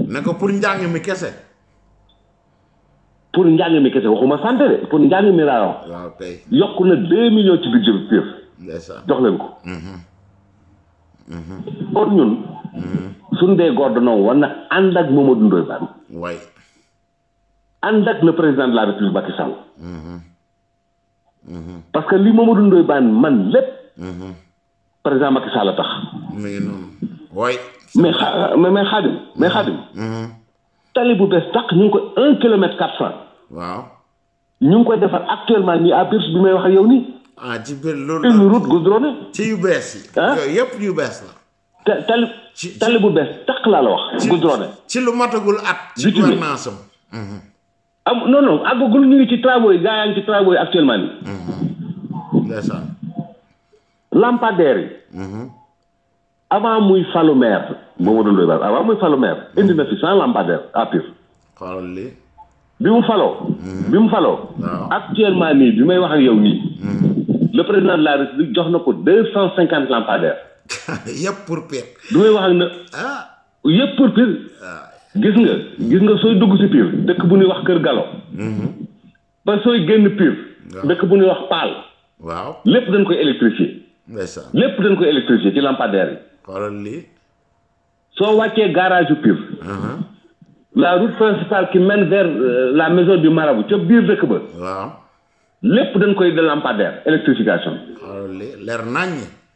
ne ko pour njàng mi kese. pour njàng mi kese waxuma santé de pour njàng mi laa wax. waaw tey yokk na deux millions ci budget bi ndeysaan jox leen ko. Mhm. Mhm. kon ñun. Mhm. suñ dee góor dañoo war na ànd ak Mamadou Ndoye Bane. waay. ànd ak le président de la république Macky Sall. parce que li Mamadou Ndoye Bane man lépp. président Macky Sall a tax. mi ngi noonu. waay. mais xa mais xaadim mais xaadim. Mm-hmm. Mm-hmm. tali bu bees tàq ñu ngi ko un kilomètre quatre francs. waaw. ñu ngi koy defar actuellement nii à Birs bi may wax ak yow nii. ah ci biir loolu une route goudronnée. ci yu bees yi. ah yooyu yëpp yu bees la. te tali tali bu bees tàq laa la wax. goudronnée ci lu matagul at. ci gouvernance am. Mm-hmm. am non non àggagul ñu ngi ci travaux yi gaa yaa ngi ci travaux yi actuellement nii. ndeysaan. lampadaire yi. avant muy falu maire avant muy indi na lampadaire à Pire. bi mu hmm. actuellement may wax ak yow hmm. le président de la République jox na ko deux cent lampadaires. [laughs] yëpp pour Pire. y wax ak na. Ah. pour Pire. gis nga gis nga sooy dugg si Pire dëkk bu wax Kër Galo. Hmm. ba sooy génn Pire. dëkk bu wax Paal. waaw lépp dañ koy électrifier. lampadaires xoolal lii. soo wàccee garage yu Pire. Uh-huh. la route principale qui mène vers euh, la maison du marabout ca biir dëkk ba. waaw. lépp dañ koy de lampadaire leer nañ.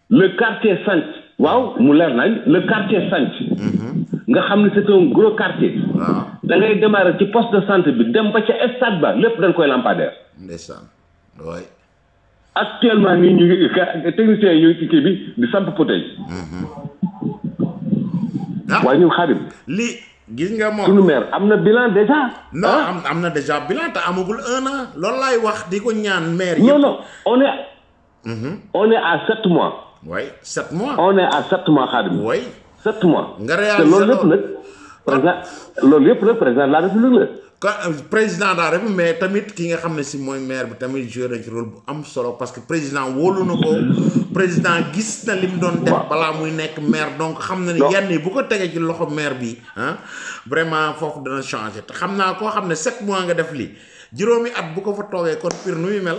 le quartier Sanc. waaw mu leer nañ le quartier Sanc. Uh-huh. nga xam ne c'est un gros quartier. waaw da ngay démarrer ci post de santé bi dem ba ca stade ba lépp dañ koy lampadaire. ndeysaan waay. actuellement nii ñu ngi techniciens yooyu ci kii bi di samp potey waaye ñun xaarim lii gis nga moom sunu maire am na bilan déjà non am am na déjà bilan te amagul un an loolu laay wax di ko ñaan maire non non on est on est à sept mois oui sept mois on est à sept mois xaarim oui sept mois nga réaliser loolu lépp nag président loolu yëpp président la république président de la République mais tamit ki nga xam ne si mooy maire bi tamit joué na ci rôle bu am solo parce que président wóolu na ko président gis na lim doon def balaa muy nekk maire donc xam na ne yenn yi bu ko tegee ci loxo maire bi ah vraiment foofu dana changé te xam naa koo xam ne sept mois nga def lii juróomi at bu ko fa toogee kon Pire nu muy mel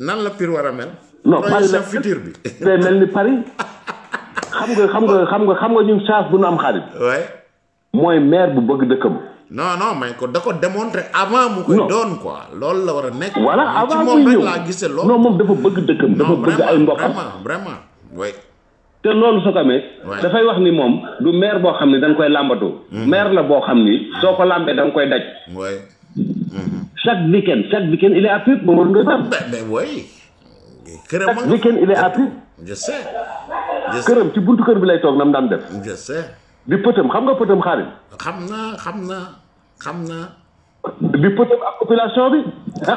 nan la piir war a mel no fitiir bi [laughs] day mel ni Paris xam nga xam nga xam nga xam nga ñun chance bu nu am xarit mooy maire bu bëgg dëkkam non non mais ko da ko démontrer avant mu koy doon quoi loolu la war a nekk voilà avant moom rek laa gisee loolu non dafa bëgg dëkkam dafa bëgg ay mbokkam vraiment vraiment te loolu su ko amee dafay wax ni moom du maire boo xam ne dañ koy làmbatu mhm. maire la boo xam ni soo ko làmbee da nga koy daj mhm. chaque week-end chaque week-end il est à pipe moom nga def mais oui këram chaque ah. week il est à këram ci buntu kër bi lay toog nam daan def je di pëtëm xam nga pëtëm xaalis. xam naa xam naa xam naa. di pëtëm ak population bi.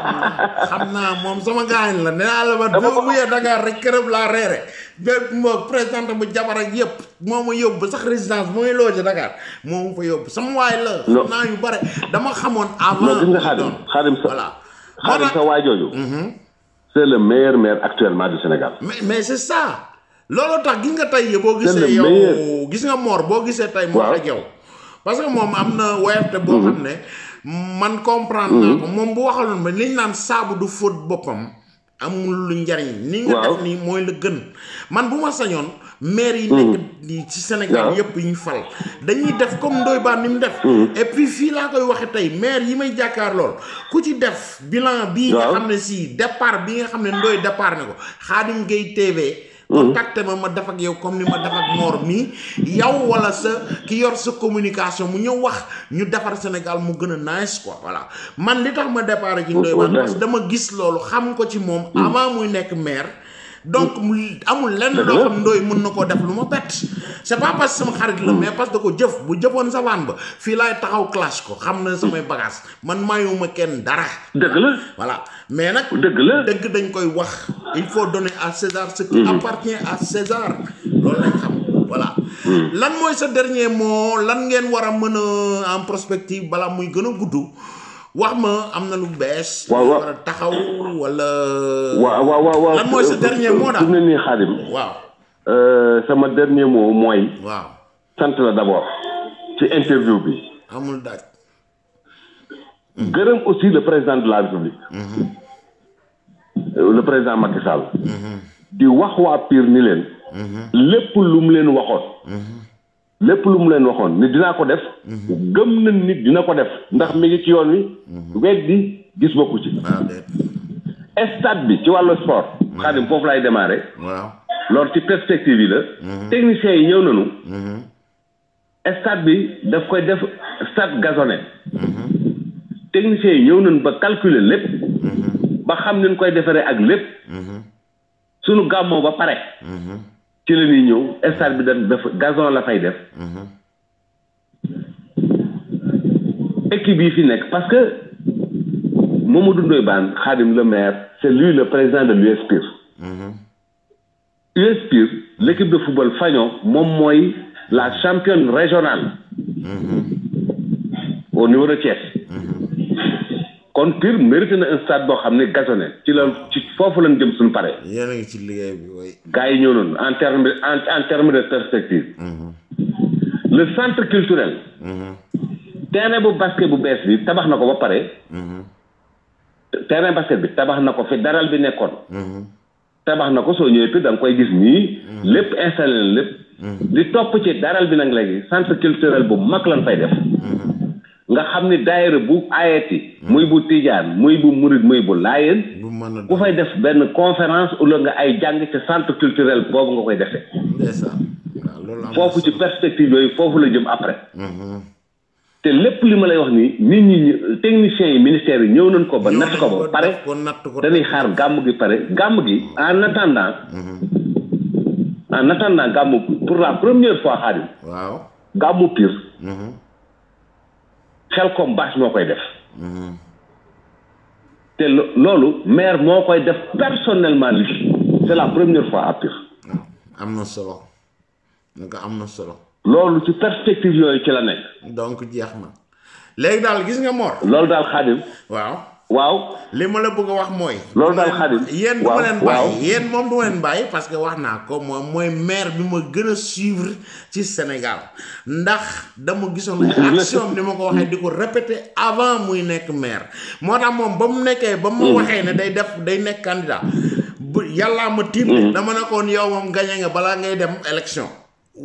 [laughs] xam naa moom sama gaañ la nee naa la man boo muyee Dakar rek këram laa reere ba moo présidente bu jabar ak yëpp moo ma yóbbu sax résidence bu may loo ci moo ma fa yóbbu sama waay la. xam naa yu bare dama xamoon. avant gis nga xaadim xaadim sa voilà. xaadim sa waay jooju. Mhm. c'est le meilleur maire actuellement du Sénégal. mais mais c'est ça. looloo tax gis nga tey boo gisee yow gis nga moor boo gisee tey Mor ak yow parce que moom am na woyafte boo mhm. xam ne man comprendre naa mhm. ko moom bu waxaloon ba liñ naan saabu du fóot boppam amul lu njariñ ni nga def nii mooy la gën man bu ma sañoon maire yi mhm. nekk ci Sénégal yëpp yi ñu fal dañuy def comme Ndoye Bane ni mu def et puis fii laa koy waxee tey maire yi may jàkkaar lool ku ci def bilan bi nga xam ne si départ bi nga xam ne Ndoye départ ne ko Khadim Gueye Mm. contacté ma ma def ak yow comme ni ma def ak noor mii yow wala sa ki yor sa communication mu ñëw wax ñu defar Sénégal mu gën a nice ko voilà man li tax ma départ ci Ndoye Bane parce que dama gis loolu xam ko ci moom mm. avant muy nekk maire donc amul lenn loo xam ndoy mën na koo def lu ma bett pas parce sama xarit la mais parce que ko jëf bu jëfoon sa waan ba fii laay taxaw clash ko xam na samay bagage man mayuma kenn dara dëgg la voilà mais la dañ koy wax il faut donner à César ce qui mm-hmm. appartient à César lañ xam voilà mm-hmm. lan moy sa dernier mot lan ngeen wara a en prospective bala muy gën a wax ma am na lu bees. waaw waaw taxaw wala. waaw waaw waaw lan mooy sa dernier mot daal ah? nii Xaadim. waaw. Euh, sama dernier mot mooy. waaw sant la d'abord. ci interview bi. amul daaj. gërëm aussi le président de la République. Mm-hmm. le président Macky mm-hmm. di wax waa Pire ni leen. Mm-hmm. lépp lu mu leen waxoon. Lep lom lè nou akon, ni dina kwa def, gom wi, mhm. ah, lè mhm. mhm. ni dina kwa def, mdak mege ki yonwi, wè di, dis mwok wè. E stat bi, ki wale sport, kwa di mpok la yi demare, lor ti perspektivi lè, teknisyen yonnen nou, E stat bi, def kwa def stat gazonen. Teknisyen yonnen nou pa kalkyle lep, ba khamnen kwa defere ak lep, sou nou gamon wap parek. ci la ñuy ñëw stade bi dañ dafa gazon la fay def. Mhm. équipe bi fi nekk parce que Mamadou Ndoye Bane Khadim le maire c'est lui le président de l'USPIR. Mhm. USPIR l'équipe de football Fagnon mom Moy, la championne régionale. Mhm. au niveau de Thiès. kon Pire mérité na un stade boo xam ne gazonné ci la ci foofu lañ jëm suñu pare. yéen a ngi ci liggéey bi yi ñëw noonu en terme en en terme de perspective. Mm-hmm. le centre culturel. Mm-hmm. terrain bu basket bu bees bi tabax na ko ba pare. Mm-hmm. terrain basket bi tabax na ko fi daral bi nekkoon. tabax na ko soo ñëwee Pire da nga koy gis nii. lépp installé lépp. li topp ci daral bi nag léegi centre culturel bu mag lañ fay def. nga xam ni daayira bu ayati muy bu tijaan muy bu murit muy bu laayeen ku fay def benn conférence ula nga ay jàng ci centre culturel boobu nga koy defee foofu ci perspective yooyu foofu la jëm après mhm. te lépp li ma lay wax nii nit ñi techniciens yi ministères yi ñëw nañ ko ba natt ko ba pare dañuy xaar gàmm gi pare gàmm gi en attendant mhm. en attendant pour la première fois xaadim gàmmu pire mhm. xel kom bâche moo koy def mhm. te loolu maire moo koy def personnellement c'est la première fois à Pire am na solo donc am na solo loolu ci perspective yooyu ci la nekk donc jeex na léegi daal gis nga Mor loolu daal Xaadim waaw waaw li ma la bëgg a wax mooy. loolu daal xadim yéen du ma leen bàyyi yéen moom du ma leen bàyyi parce que wax naa ko moom mooy maire bi ma gën a suivre ci Sénégal ndax dama gisoon action ni ma ko waxee di ko répété avant muy nekk maire moo tax moom ba mu nekkee ba mu mm. waxee ne day def day nekk candidat bu yàllaa ma tiim mm. dama nekkoon yow moom gañe nga balaa ngay dem élection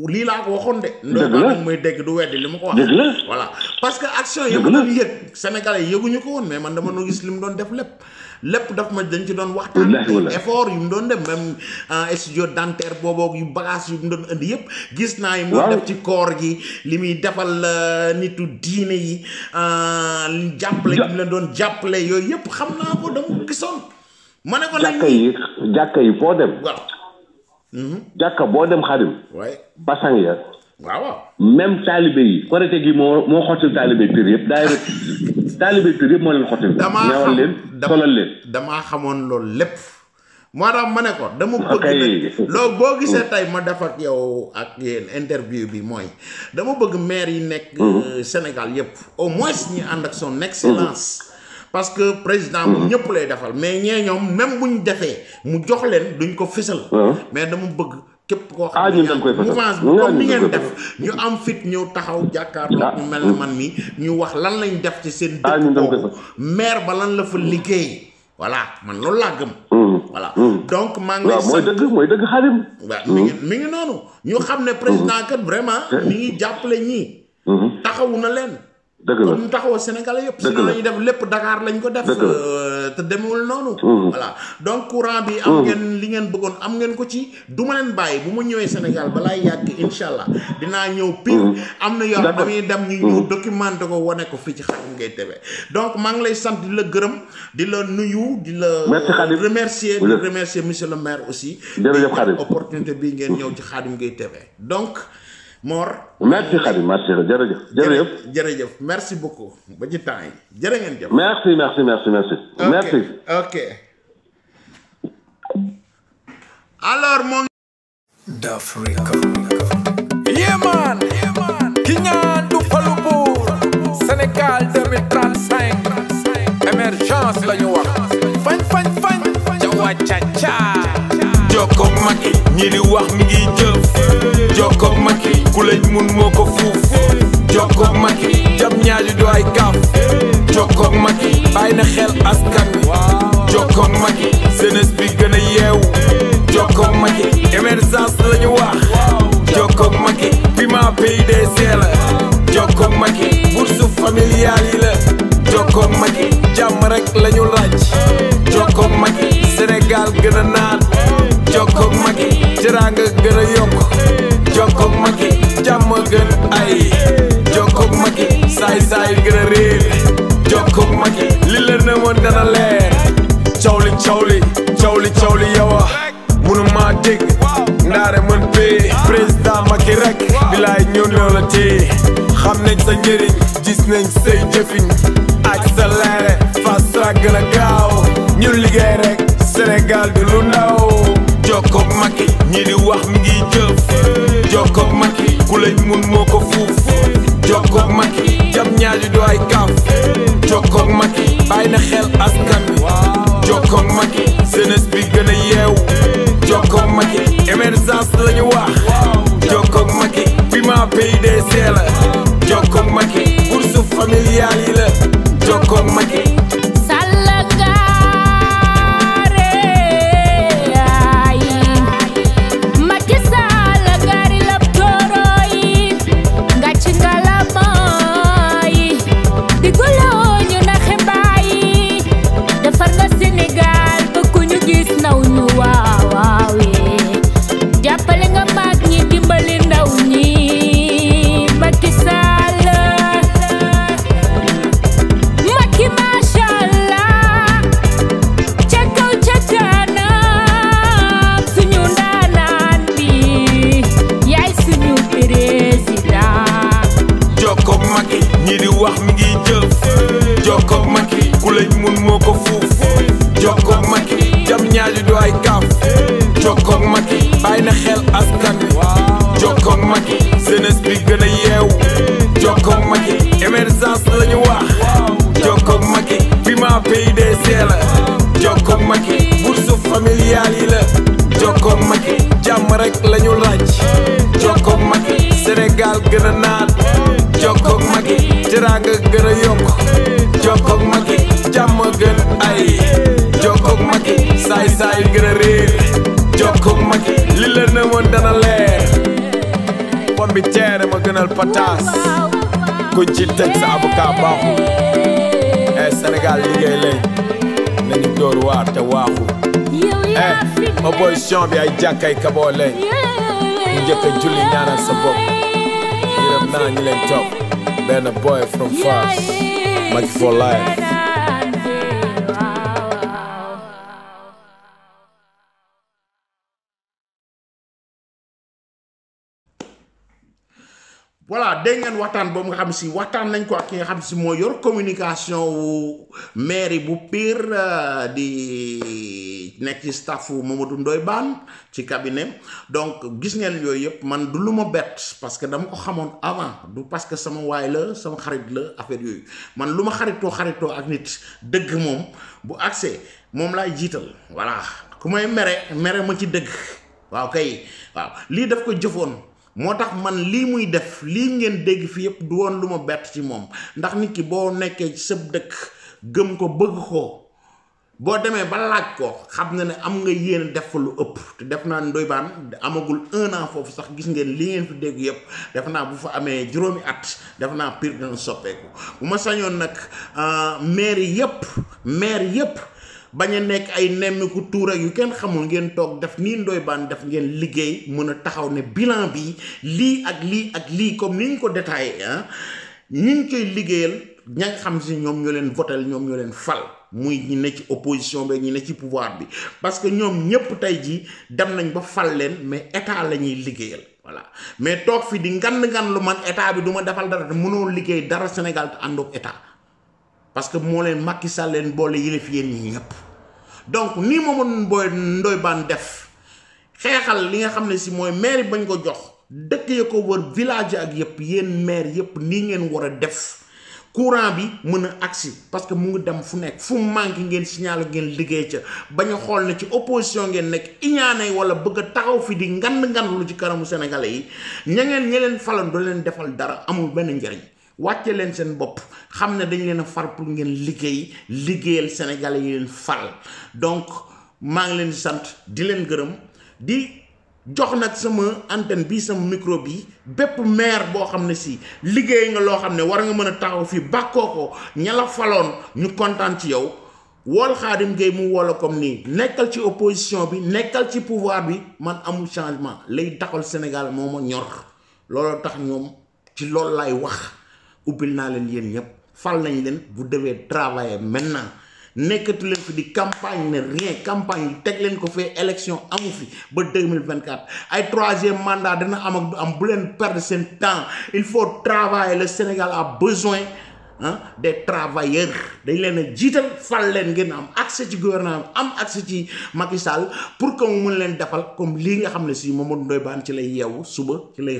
lii laa ko waxoon de. dëgg la ndox muy dégg du weddi li mu ko wax. dëgg la voilà parce que action yi mu doon yëg. Sénégalais yëguñu ko woon mais man dama nu gis li mu doon def lépp. lépp daf ma dañ ci doon waxtaan. effort yu mu doon def même euh, studio dentaire booboo yu bagage yu mu doon indi yëpp. gis naa yi mu def ci koor gi. li muy defal euh, nitu diine yi. Euh, jàppale yi mu leen doon jàppale yooyu yëpp xam naa ko dama gisoon. ma ne ko nag jàkka yi jàkka yi foo dem. jàkka boo dem xadim basang ya waaw même taalibe yi korite gi moo moo xottil taalibe pire yëpp daay rek taalibe pire yëpp moo leen xottil ñawal leen solal leen damaa xamoon loolu lépp moo tax ma ne ko dama bëgg loolu boo gisee tey ma def ak yow ak yéen interview bi mooy dama bëgg maire yi nekk Sénégal yëpp au moins ñu ànd ak son excellence parce que président moom mm-hmm. ñëpp lay defal mais ñee ñoom même buñ defee mu jox leen duñ ko fësal mm-hmm. mais dama bëgg képp koo xam ah, ne mouvance bi comme ni ngeen def ñu am fit ñëw taxaw jàkkaarloo ah. ñu mel ne man mi ñu wax lan lañ def ci seen ah, dëkk boobu maire ba lan la fa liggéey voilà man loolu laa gëm mm-hmm. voilà donc maa ngi lay sant mooy dëgg mooy dëgg xalim waaw mi ngi mi ngi noonu ñu xam ne président kat vraiment mi ngi jàppale ñii taxawu na leen dëgg la ñu taxawoo yëpp. dëgg la ñu def lépp dakaar lañ ko def. Euh, te demul noonu. Mm-hmm. voilà donc courant bi. am mm-hmm. ngeen li ngeen bëggoon am ngeen ko ci. du ma leen bàyyi bu ma ñëwee Sénégal balaa yàgg incha allah dinaa ñëw pire. Mm-hmm. am na yoon ba dem ñu ñëw documenté ko wone ko fii ci Khadim Gueye TV donc maa ngi lay sant di la gërëm di la nuyu di la. merci Khadim remercier di monsieur le maire aussi. jërëjëf Khadim opportunité bi ngeen ñëw ci Khadim Gueye TV donc. Mor. merci Khady merci jërëjëf. jërëjëf jërëjëf merci beaucoup ba ci temps jere jërë ngeen jëf. merci merci merci merci. ok merci. ok. alors mon. d'Africa. yeah man. du falu buur. 2035. émergence la ñu wax. fañ fañ fañ. jawa ca ca. jokkoo mag ñi di wax mi ngi jëf. jokkoo mag. ku lañ mun moo ko fuuf jokkoog Macky jam ñaaju du ay kaaf jokkoog bàyyi na xel askan wi jokkoog Macky jeunesse bi gën a yeewu jokkoog Macky émergence la ñu wax jokkoog Macky piment PIDC la jokkoog Macky bourse familiale yi la jokkoog Macky jàmm rek la ñu laaj jokkoog Macky Sénégal gën a naan jokkoog Macky yokk jokkoog Macky jàmm gën ay jokkoog Macky saay saay gën a réer jokkoog Macky li la nëmoon dana leer coow li coow li coow li coow a ah, munu ndaare mën pee président Macky rek bilaay ñëw ñoo la xam nañ sa njëriñ gis nañ say jëfiñ accéléré fast track gën a gaaw ñun liggéey rek Sénégal du lu ndaw jokkoog Macky ñi di wax mi jëf jokkoog Macky ku lañ mun moo ko fuuf jokkoog Macky jam ñaari du ay kaaf jokkoog Macky bàyyi na xel askan wi jokkoog Macky jeunesse bi gën a yeewu jokkoog Macky émergence la ñu wax jokkoog Macky piment PUDC la jokkoog Macky bourse familiale yi la jokkoog Macky tëral pataas kuñ ci teg sa avocat baaxul eh leen nañu dóor waar te waaxu eh opposition bi ay jàkkay kaboo leen ñu njëkk a julli ñaanal sa bopp yërëm naa leen topp benn boy from Fass Macky for life boobu nga xam si waxtaan nañ ko ak ki nga xam si moo yor communication wu mairie bu Pire euh, di nekk ci staffu Mamadou Ndoye Bane ci cabinet donc gis ngeen yooyu yëpp man du lu ma bett parce que dama ko xamoon avant du parce que sama waay la sama xarit la affaire yooyu man lu ma xaritoo xaritoo ak nit dëgg moom bu accès moom laay jiital voilà ku may mere mere ma ci dëgg waaw kay waaw lii def ko jëfoon moo tax man lii muy def lii ngeen dégg fii yépp du woon lu ma bett ci moom ndax nit ki boo nekkee ci sëb dëkk gëm ko bëgg ko boo demee ba laaj ko xam na ne am nga yéen def fa lu ëpp te def naa Ndoye Bane amagul un foofu sax gis ngeen lii ngeen fi dégg yëpp def naa bu fa amee juróomi at def naa pire dana soppeeku bu ma sañoon nag maire euh, yëpp maire yépp bañ a nekk ay nemmiku tuur ak yu kenn xamul ngeen toog def nii Ndoye Bane def ngeen liggéey mun a taxaw ne bilan bi lii ak lii ak lii comme ni ñu ko détaillé ah ñi ñu koy liggéeyal ña xam si ñoom ñoo leen votel ñoom ñoo leen fal muy ñu ne ci opposition bi ñu ne ci pouvoir bi parce que ñoom ñépp tey jii dem nañ ba fal leen mais état la ñuy liggéeyal voilà mais toog fi di ngan ngan lu man état bi duma defal dara te mënoo liggéey dara Sénégal te àndoog état parce que moo leen Macky Sall leen boole yilif yéen ñi ñëpp donc ni ma mën booy ndoy baan def xeexal li nga xam ne si mooy maire bañ ko jox dëkk ya ko wër village ak yëpp yéen maire yëpp nii ngeen war def courant bi mën a agsi parce que mu ngi dem fu nekk fu manqué ngeen signal ngeen liggéey ca bañ a xool na ci opposition ngeen nekk iñaane wala bëgg a taxaw fi di ngand ngand lu ci kanamu sénégalais yi ña ngeen ña leen leen defal dara amul benn njariñ wàcce leen seen bopp xam ne dañ leen a far pour ngeen liggéey liggéeyal Sénégalais yi leen fal donc maa ngi leen sant di leen gërëm di jox nag sama antenne bi sama micro bi bépp maire boo xam ne si liggéey nga loo xam ne war nga mën a taxaw fii bàkkoo ko ña la faloon ñu kontaan ci yow wool Khadim géey mu woola comme nii nekkal ci opposition bi nekkal ci pouvoir bi man amul changement lay taxal Sénégal moo ma ñor looloo tax ñoom ci loolu lay wax vous devez travailler maintenant nekatu len fi de campagne rien campagne tek élection en 2024 troisième mandat dana am ak temps il faut travailler le Sénégal a besoin de hein, des travailleurs dañ a fal accès gouvernement accès ci pour que mu comme nga si ci lay suba ci lay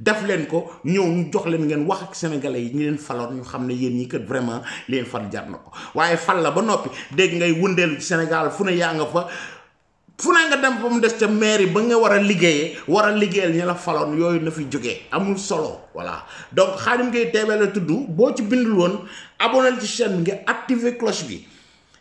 def leen ko ñëw ñu jox leen ngeen wax ak sénégalais yi ñu leen faloon ñu xam ne yéen ñi kat vraiment leen fan jar na ko waaye fan la ba noppi dégg ngay wëndeelu ci Sénégal fu ne yaa nga fa fu naa nga dem ba mu des ca mairie ba nga war a liggéeyee war a liggéeyal ñu la faloon yooyu na fi jógee amul solo voilà donc Khadim Gueye TV la tudd boo ci bindul woon abonné ci chaîne bi nga activé cloche bi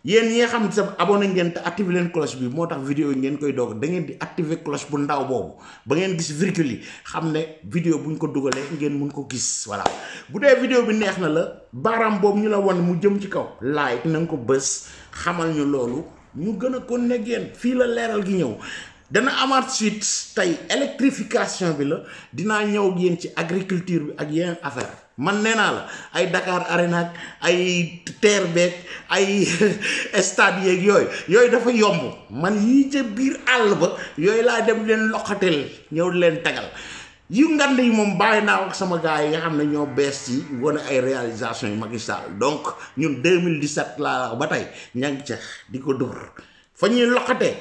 Yen yi nga xam ne sa abonné ngeen te activé leen cloche bi moo tax vidéo yi ngeen koy doog da ngeen di activé cloche bu ndaw boobu ba ngeen gis virgule yi xam vidéo buñ ko dugalee ngeen mun ko gis voilà bu video vidéo bi neex na la baram boobu ñu la wan mu jëm ci kaw like na ko bës xamal ñu loolu ñu gën a ko neggeen fii la leeral gi ñëw dana amaat suite tey électrification bi la dinaa ñëw ak ci agriculture bi ak affaire man nee naa la ay Dakar Arena ay terre beeg ay [laughs] stade yeeg yooyu yooyu dafa yomb man yii ca biir àll ba yooyu laa dem leen loqatel ñëw leen tagal yu ngand yi moom bàyyi naa ak sama gars yi nga xam ne ñoo bees ci wane ay réalisation yu Macky Sall donc ñun 2017 laa wax ba tey ña ngi ca di ko dóor fa ñuy loqatee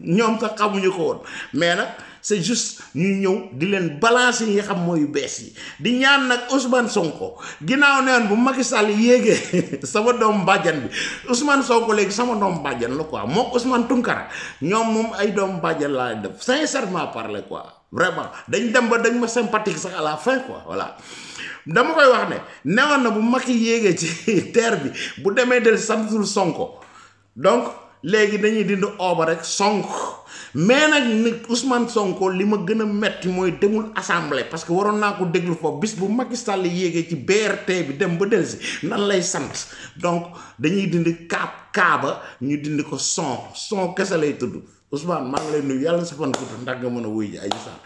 ñoom sax xamuñu ko woon mais nag. c'est juste ñuy ñëw di leen balancer yi nga xam mooy yu bees yi di ñaan nag Ousmane Sonko ginnaaw neen bu mag yi Sall yéegee [laughs] sama doom bàjjan bi Ousmane Sonko léegi sama doom bàjjan la quoi moom Ousmane Tunkara ñoom moom ay doom bàjjan laa def sincèrement parler quoi vraiment dañ dem ba dañ ma sympathique sax à la fin voilà dama koy wax ne newoon na bu mag yi yéegee ci [laughs] terre bi bu demee del santul Sonko donc léegi dañuy dind ooba rek sonk mais nag nit Ousmane Sonko li ma gën a metti mooy demul assemblée parce que waroon naa ko déglu foofu bis bu mag i sàll yéegee ci BRT bi dem ba delsi nan lay sant donc dañuy dindi kaab kaaba ñu dindi ko son son kese lay tudd Ousmane maa ngi lay nuyu yàlla sa fan gudd ndax nga mën a wuy ji ay sax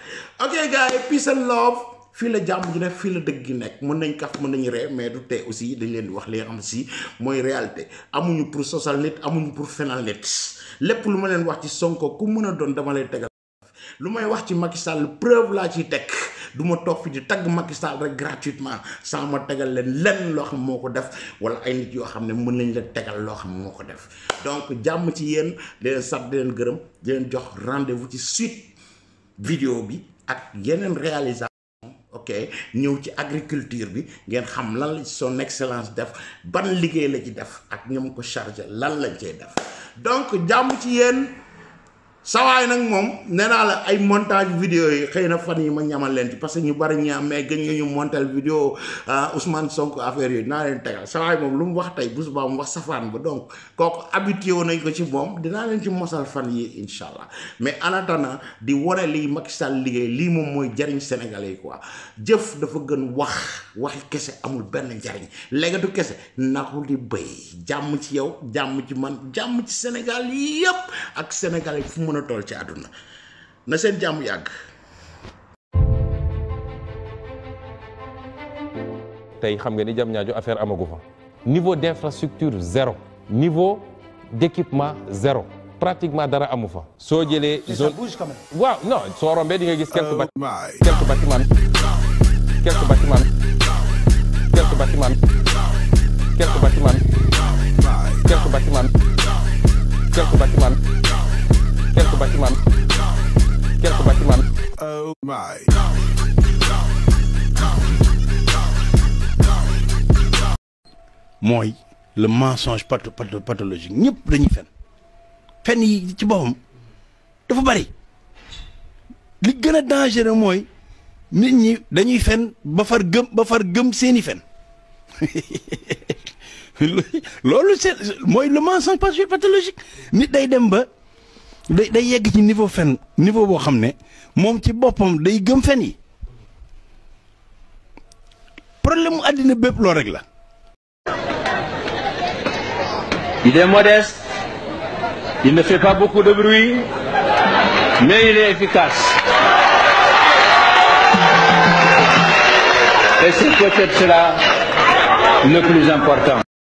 ok gars yi peace and love fii la jàmm ji nekk fii la dëgg gi nekk mën nañ kaf mën nañu ree mais du tee aussi dañ leen di wax lee nga xam si mooy réalité amuñu pour sosal nit pour fenal lépp lu ma leen wax ci Sonko ku mën a doon dama lay tegal lu may wax ci Macky Sall preuve laa ciy teg du ma toog fi di tagg Macky Sall rek gratuitement sans ma tegal leen lenn loo xam moo ko def wala ay nit yoo xam ne mën nañ leen tegal loo xam moo ko def donc jàmm ci yéen di leen sant di gërëm di leen jox rendez-vous ci suite vidéo bi ak yeneen réalisation ok ñëw ci agriculture bi ngeen xam lan lañ ci son def ban liggéey la ci def ak ñoom ko chargé lan lañ cey donc j'aime ci sawaay nag mom nee naa la ay montage vidéo yi xëy na fan yi ma ñamal leen ci parce que ñu bari ñaam mais gën ñu montal vidéo ah, Ousmane Sonko affaire yooyu naa leen tegal sawaay mom, lu mu wax tey bu subaa wax ba donc habitué nañ ko ci moom dinaa leen ci mosal fan yi incha allah mais en attendant di wara li Macky Sall liggéey lii moom mooy jariñ Sénégalais yi quoi jëf dafa gën wax waxi kese amul benn jariñ léegatu kese naxul di béy jàmm ci yow jàmm ci man jàmm ci Sénégal yépp ak Sénégalais fu mën a ci aduna na seen jàmm yàgg. tey xam nga ni jam ñaajo affaire amagu fa niveau d'infrastructure zéro niveau d'équipement zéro pratiquement dara amu fa. soo jëlee zone waaw non soo rombee di nga gis quelques euh, bâtiments quelques bâtiments quelques bâtiments quelques bâtiments quelques bâtiments quelques bâtiments quelques bâtiments quelques bâtiments, quelques bâtiments. Oh my. Moi, le mensonge pathologique pat, tu fen tu yi ci dafa bari li gëna dangeré dangereux nit ñi dañuy fen ba far gëm ba far gëm seeni fen [laughs] c'est moi le mensonge pathologique nit day dem niveau niveau problème Il est modeste, il ne fait pas beaucoup de bruit, mais il est efficace. Et c'est peut-être cela le plus important.